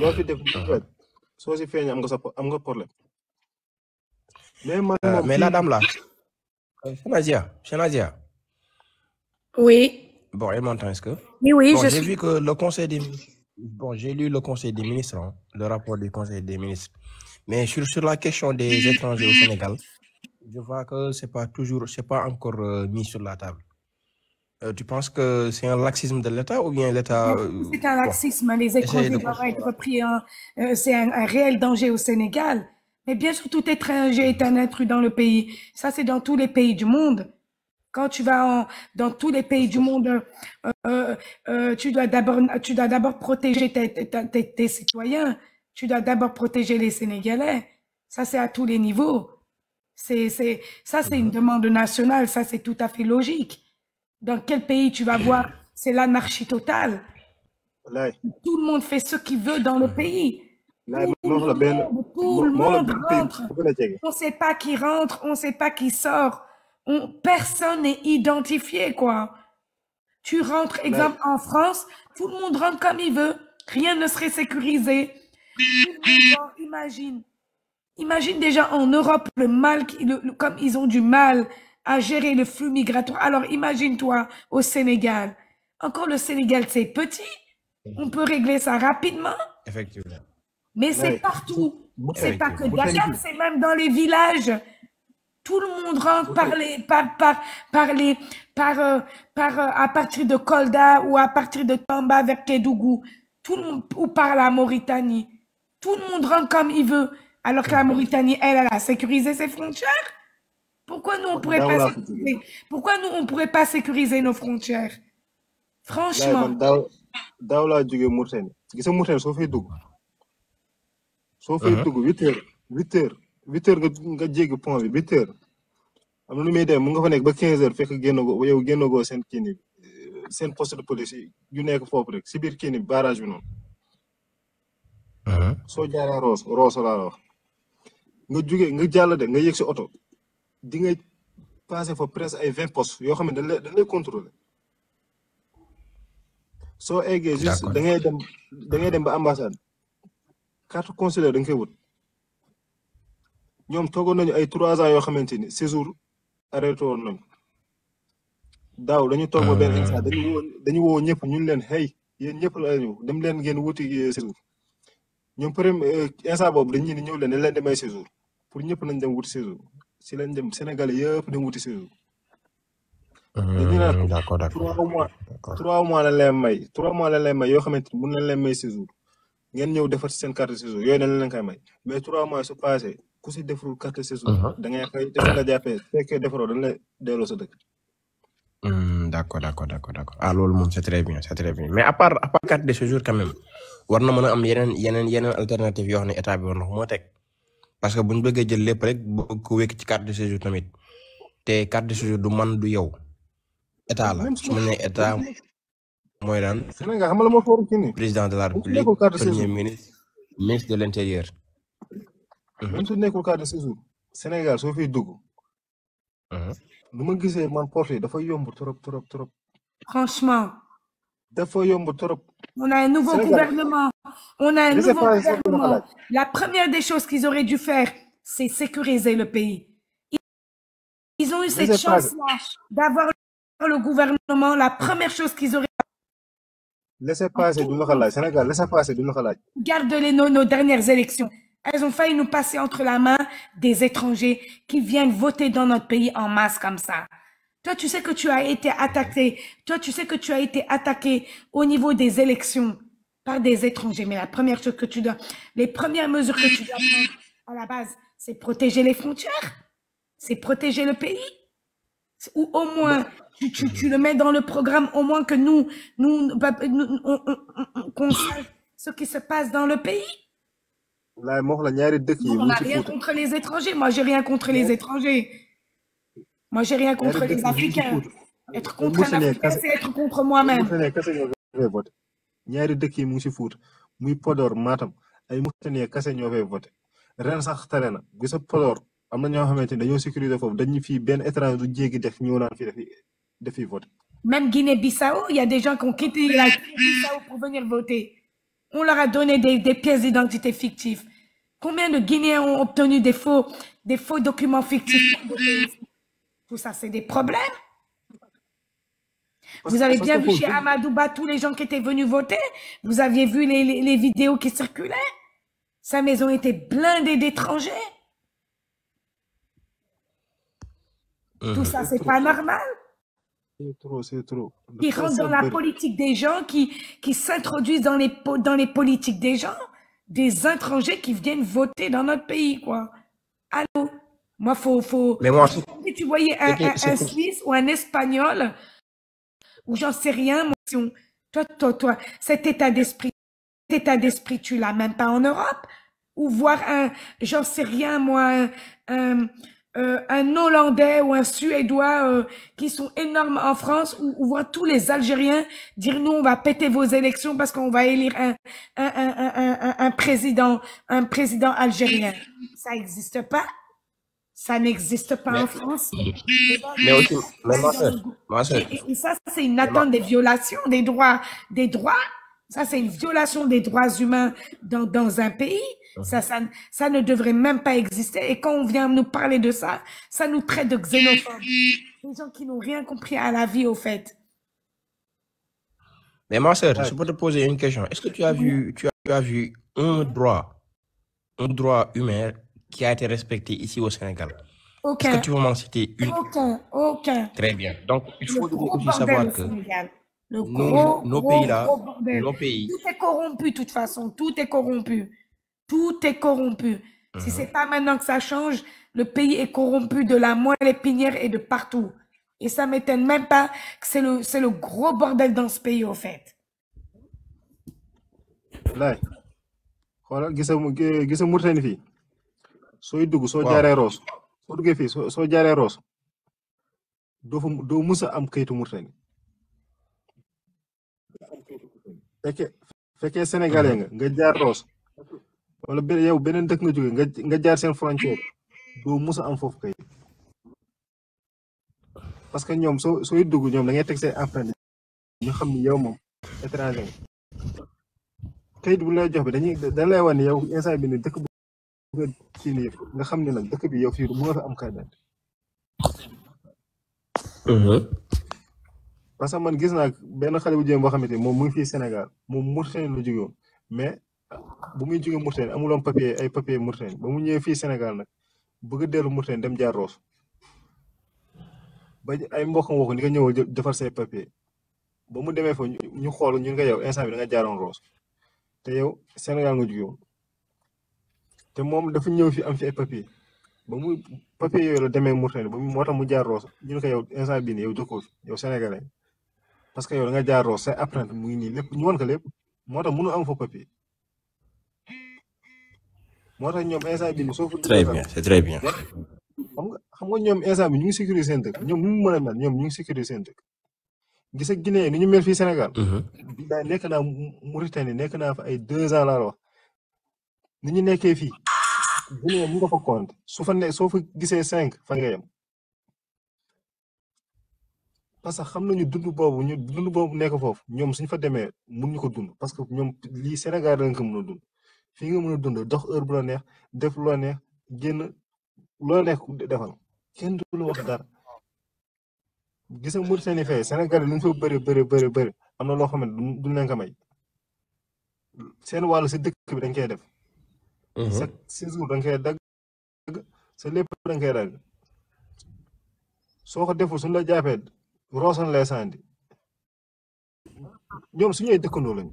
loo fi def ah. soo si feeñee am nga sa am nga problème. mais ah, mais la la Euh, c'est Nadia. Oui. Bon, elle m'entend, est-ce que? Oui, oui, je J'ai vu que le conseil des Bon, j'ai lu le conseil des ministres, hein, le rapport du conseil des ministres. Mais sur, sur la question des étrangers au Sénégal, je vois que c'est pas toujours, c'est pas encore euh, mis sur la table. Euh, tu penses que c'est un laxisme de l'État ou bien l'État... c'est un laxisme. les étrangers doivent être pris. c'est un réel danger au Sénégal. Mais bien sûr, tout étranger est un intrus dans le pays. Ça, c'est dans tous les pays du monde. Quand tu vas dans tous les pays du monde, euh, euh, euh, tu dois d'abord, tu d'abord protéger tes, citoyens. Tu dois d'abord protéger les Sénégalais. Ça, c'est à tous les niveaux. C'est, ça, c'est une demande nationale. Ça, c'est tout à fait logique. Dans quel pays tu vas voir, c'est l'anarchie totale. Tout le monde fait ce qu'il veut dans le pays tout le monde rentre. On ne sait pas qui rentre, on ne sait pas qui sort. personne n'est identifié, quoi. Tu rentres, exemple, en France, tout le monde rentre comme il veut. Rien ne serait sécurisé. Imagine. Imagine déjà en Europe le mal, comme ils ont du mal à gérer le flux migratoire. Alors imagine-toi au Sénégal. Encore le Sénégal, c'est petit. On peut régler ça rapidement. Effectivement. Mais c'est partout. C'est pas que Dakar, c'est même dans les villages. Tout le monde rentre par les, par, par, par par, à partir de Kolda ou à partir de Tamba vers Kédougou. Tout ou par la Mauritanie. Tout le monde rentre comme il veut. Alors que la Mauritanie, elle, elle a sécurisé ses frontières. Pourquoi nous, on pourrait pas sécuriser, pourquoi nous, on pourrait pas sécuriser nos frontières? Franchement. soo fay uh-huh. dugg huit heures huit heures nga nga jéggi bi huit heures am na lu muy dem mu nga fa nekk ba quinze heures fekk génnagoo yow génnagoo seen kii nii euh, seen poste de police yu nekk foofu rek si biir kii nii barrage bi noonu. Uh-huh. soo jaaree Rosso Rosso nga jugee nga jàll de nga yëg si oto di nga passé fa presque ay vingt postes yoo xam ne dañ lay dañ soo eggee juste da ngay dem da ngay dem ba ambassade. carte consulaire da nga koy wut toogoon nañu ay trois ans yoo xamante ni séjour arrêté woon nañu daaw dañu toog ba benn instant dañu woo dañu woo ñëpp ñun leen xëy yéen ñëpp la dem leen ngeen wuti euh, séjour ñoom premier euh, instant boobu dañu ni ñëw leen dañ leen demay séjour pour ñëpp nañ dem wuti séjour si lañ dem Sénégal yëpp dem wuti séjour. dañu naan hmm, trois mois trois mois lañ may trois mois lañ leen may yoo xamante ni mun nañ leen may séjour. ngeen ñëw defar seen carte de séjour yooyu dañ leen koy may mais trois mois su ku si defarul carte de séjour. Uh-huh. da ngay xëy defaroo dañ lay delloo sa dëkk. Hmm, d' accord d' accord d' accord d' accord ah loolu moom très bien c' très bien mais à part à part carte de séjour quand même war a am yeneen yeneen yeneen alternative yoo xam ne état bi war na teg parce que bu ñu bëggee jël lépp rek bëgg ko wékk ci carte de séjour tamit te carte de séjour du man du yow la su mooy Sénégal la président de la république premier ministre ministre de l'Intérieur. intérieur. même su nekkul carte de séjour Sénégal mhm. ma gisee man porte dafa yomb trop trop trop. franchement. dafa yomb trop. on a un nouveau gouvernement. on a un nouveau gouvernement. la première des choses qu'ils auraient dû faire c'est sécuriser le pays. ils ont eu cette chance-là d'avoir le gouvernement la première chose qu'ils auraient laissez passer Sénégal laissez passer les nos nos dernières élections elles ont failli nous passer entre la main des étrangers qui viennent voter dans notre pays en masse comme ça. Toi, tu sais que tu as été attaqué. Toi, tu sais que tu as été attaqué au niveau des élections par des étrangers. Mais la première chose que tu dois, les premières mesures que tu dois prendre à la base, c'est protéger les frontières, c'est protéger le pays. Ou au moins, bah. tu, tu, tu, mhm. le mets dans le programme, au moins que nous, nous, qu'on sache ce qui se passe dans le pays. On n'a rien contre les étrangers. Moi, j'ai rien contre les étrangers. Moi, j'ai rien contre les Africains. Être contre un Africain, c'est être contre moi-même. yi muy Podor ay même Guinée-Bissau, il y a des gens qui ont quitté la Guinée-Bissau pour venir voter. On leur a donné des, pièces d'identité fictives. Combien de Guinéens ont obtenu des faux, des faux documents fictifs Tout ça, c'est des problèmes. vous avez bien vu chez Amadouba tous les gens qui étaient venus voter. Vous aviez vu les vidéos qui circulaient. Sa maison était blindée d'étrangers. Euh, Tout ça, c'est pas normal. C'est trop, c'est trop. Qui rentrent dans la politique des gens, qui, qui s'introduisent dans les, dans les politiques des gens, des étrangers qui viennent voter dans notre pays, quoi. Allô? Moi, faut, faut. Mais moi, si tu voyais un, un, Suisse ou un Espagnol, ou j'en sais rien, moi, toi, toi, toi, cet état d'esprit, cet état d'esprit, tu l'as même pas en Europe. Ou voir un, j'en sais rien, moi, un euh, un Hollandais ou un Suédois euh, qui sont énormes en France, où on voit tous les Algériens dire nous on va péter vos élections parce qu'on va élire un, un, un, un, président un président algérien. Ça n'existe pas. Ça n'existe pas en France. Mais aussi, mais ça, c'est une attente des violations des droits, des droits. Ça, c'est une violation des droits humains dans, dans un pays. Ça, ça, ça ne devrait même pas exister. Et quand on vient nous parler de ça, ça nous traite de xénophobes. Mm-hmm. Des gens qui n'ont rien compris à la vie, au fait. Mais ma je peux te poser une question. Est-ce que tu as, vu, tu as, tu as vu un droit, un droit humain qui a été respecté ici au Sénégal Aucun. Est-ce que tu veux m'en citer une Aucun, aucun. Très bien. Donc, il faut aussi savoir que... nos, nos pays là, nos pays. Tout est corrompu de toute façon, tout est corrompu. Tout est corrompu. Si mhm. c'est pas maintenant que ça change, le pays est corrompu de la moelle épinière et de partout. Et ça m'étonne même pas que c'est le, c'est le gros bordel dans ce pays, au fait. Lay, xoolal gisa qu'est-ce que sooy dugg soo jaaree Roos soo duggee fii soo soo jaaree Roos doo fa doo mus a am kayitu Mauritanie fekkee fekkee sénégalais mhm. nga nga jaar Roos wala benn yow beneen dëkk nga jógee nga jaar seen frontière doo mus am foofu kay parce que ñoom soo sooy dugg ñoom da ngay teg say empreinte ñu xam ni yow moom étranger kayit bu lay jox bi dañuy dañ lay wan yow instant bi ni dëkk bu nga nga xam ni nag dëkk bi yow fii mu nga fa am carte d'identité mm-hmm. parce que man gis naa benn xale bu jëm boo xamante ni moom mu ngi fii Sénégal moom Mauritanie la jógee woon bu muy jóge Mauritanie amuloon papier ay papier Mauritanie ba mu ñëwee fii Sénégal nag bëgg a dellu dem jaar Rosso ba ay mbokkam wok ni ka ñëwal defar say papier ba mu demee fa ñu xool ñu nga yow instant bi da te yow Sénégal nga jóge woon te moom dafa ñëw fi am fi ay papier ba mu papier yooyu la demee Mauritanie ba moo tax mu jaar Rosso ñu ne ko yow instant bii nii yow jokkoo fi yow sénégalais parce que nga jaar Rosso say apprenti mu ngi nii lépp ñu won ko lépp moo tax mënu am fa moo tax instant bi soo très bien c'est très bien. xam nga xam nga ñoom instant bi ñu ngi sécuriser seen dëkk ñoom ñu mu mel ñoom ñu ngi sécuriser seen dëkk gis nga Guinée ni ñu mel fii Sénégal. Mm-hmm. bi daay nekk Mauritanie nekk naa fa ay deux ans la wax ni ñu nekkee fii Guinée mu nga fa compte su fa ne soo fa gisee fa nga yem parce que xam nañu dund boobu ñu dund boobu nekk foofu ñoom suñ fa demee ko dund parce que Sénégal dund. fii nga mën a dund dox heure bu la neex def lu la neex génn lu la neex defal kenn du la wax dara gis nga Mauritanie fee Sénégal lu ñu fa am na loo xam ne du leen ko may seen wàll si dëkk bi dañ koy def. sa mhm. séjour dañ koy dagg sa lépp dañ koy dagg ko deful suñu la jàppee roosan lay sandi ñoom suñuy dëkkandoo lañu.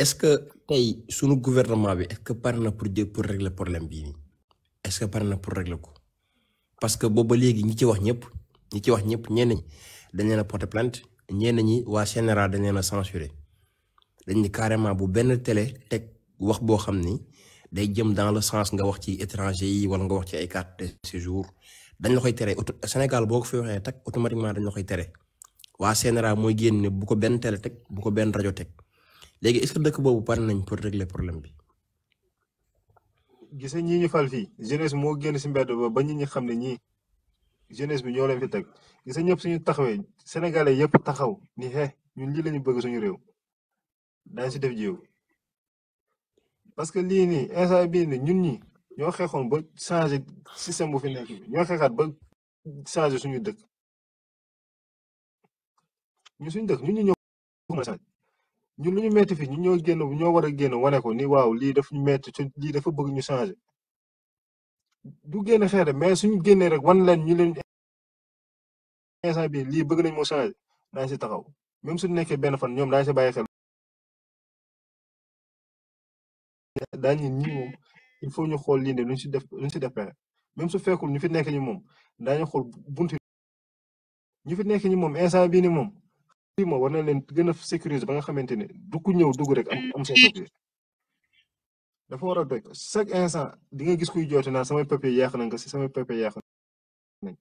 est-ce que tay gouvernement bi est-ce que pour pour régler problème est-ce que parna pour régler parce que booba légui ñi ci wax ñep ñi ci wax porter plainte ñen ñi wa général dañ ni carrément bu ben télé tek wax dans le sens nga wax ci étranger yi wala nga wax ci ay carte de séjour dañ la koy Sénégal boko fi automatiquement dañ la koy téré wa général moy bu ko ben télé bu ko léegi est-ce que dëkk boobu pare nañ pour régler problème bi. gis ñi ñu fal fii jeunesse moo génn si mbedd ba ba ñi ñi xam ne ñii jeunesse bi ñoo leen fi teg gis ñëpp suñu taxawee sénégalais yëpp taxaw ni xe ñun lii bëgg suñu réew daañu si def jiw parce que lii nii instant bii nii ñun ñi ñoo xeexoon ba changé système bu fi nekk ñoo xeexaat ba changé suñu dëkk ñun suñu dëkk ñoo ñun lu ñu metti fii ñun ñoo génn ñoo war a génn ko ni waaw lii daf ñu metti lii dafa bëgg ñu changer du génn xeere mais suñu génnee rek wan leen ñu leen instant bi lii bëgg nañ moo changer daañu si taxaw même suñu nekkee benn fan ñoom daañu si bàyyi xel daañu ñi moom il faut ñu xool lii ne luñ si def luñ si def pexe su fekkul ñu fi nekk ñi bunti ñu fi nekk ñi moom instant bii ni moom fii moom war na leen gën a sécuriser ba nga xamante ne du ñëw dugg rek am am seen mm. papier dafa war a doy chaque instant di nga gis kuy joote naa samay papier yàq nañ ko si samay papier yàq nañ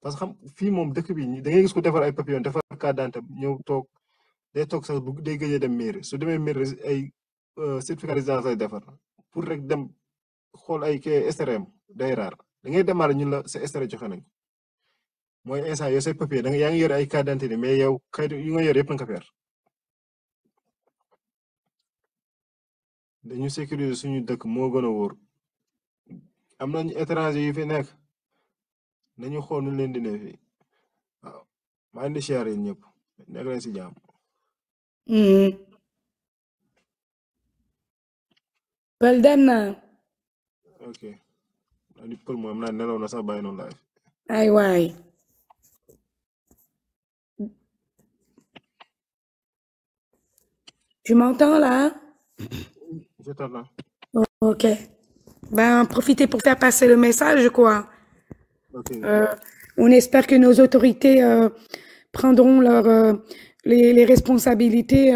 parce que xam fii moom dëkk bi da ngay gis ku defar ay papier defar carte d'identité ñëw toog day toog sax bu day gëj dem mairie su demee mairie ay euh, certificat de résidence lay defar pour rek dem xool ay kii SRM day rar da ngay demaale ñun la sa joxe nañ mooy instant yow say papier da nga yaa ngi yore ay carte d'identité mais yow kayit yu nga yore yëpp nga ko perte dañu sécuriser suñu dëkk moo gën am nañu étranger yu fi nekk nañu xool nu leen di ne fii ñëpp si jàmm. Pël dem na. ok naa di Pël moom naa nelaw na sax ay waay. Tu m'entends là Je t'entends. Ok. Ben, profitez pour faire passer le message, quoi. Euh, on espère que nos autorités euh, prendront leur, euh, les, responsabilités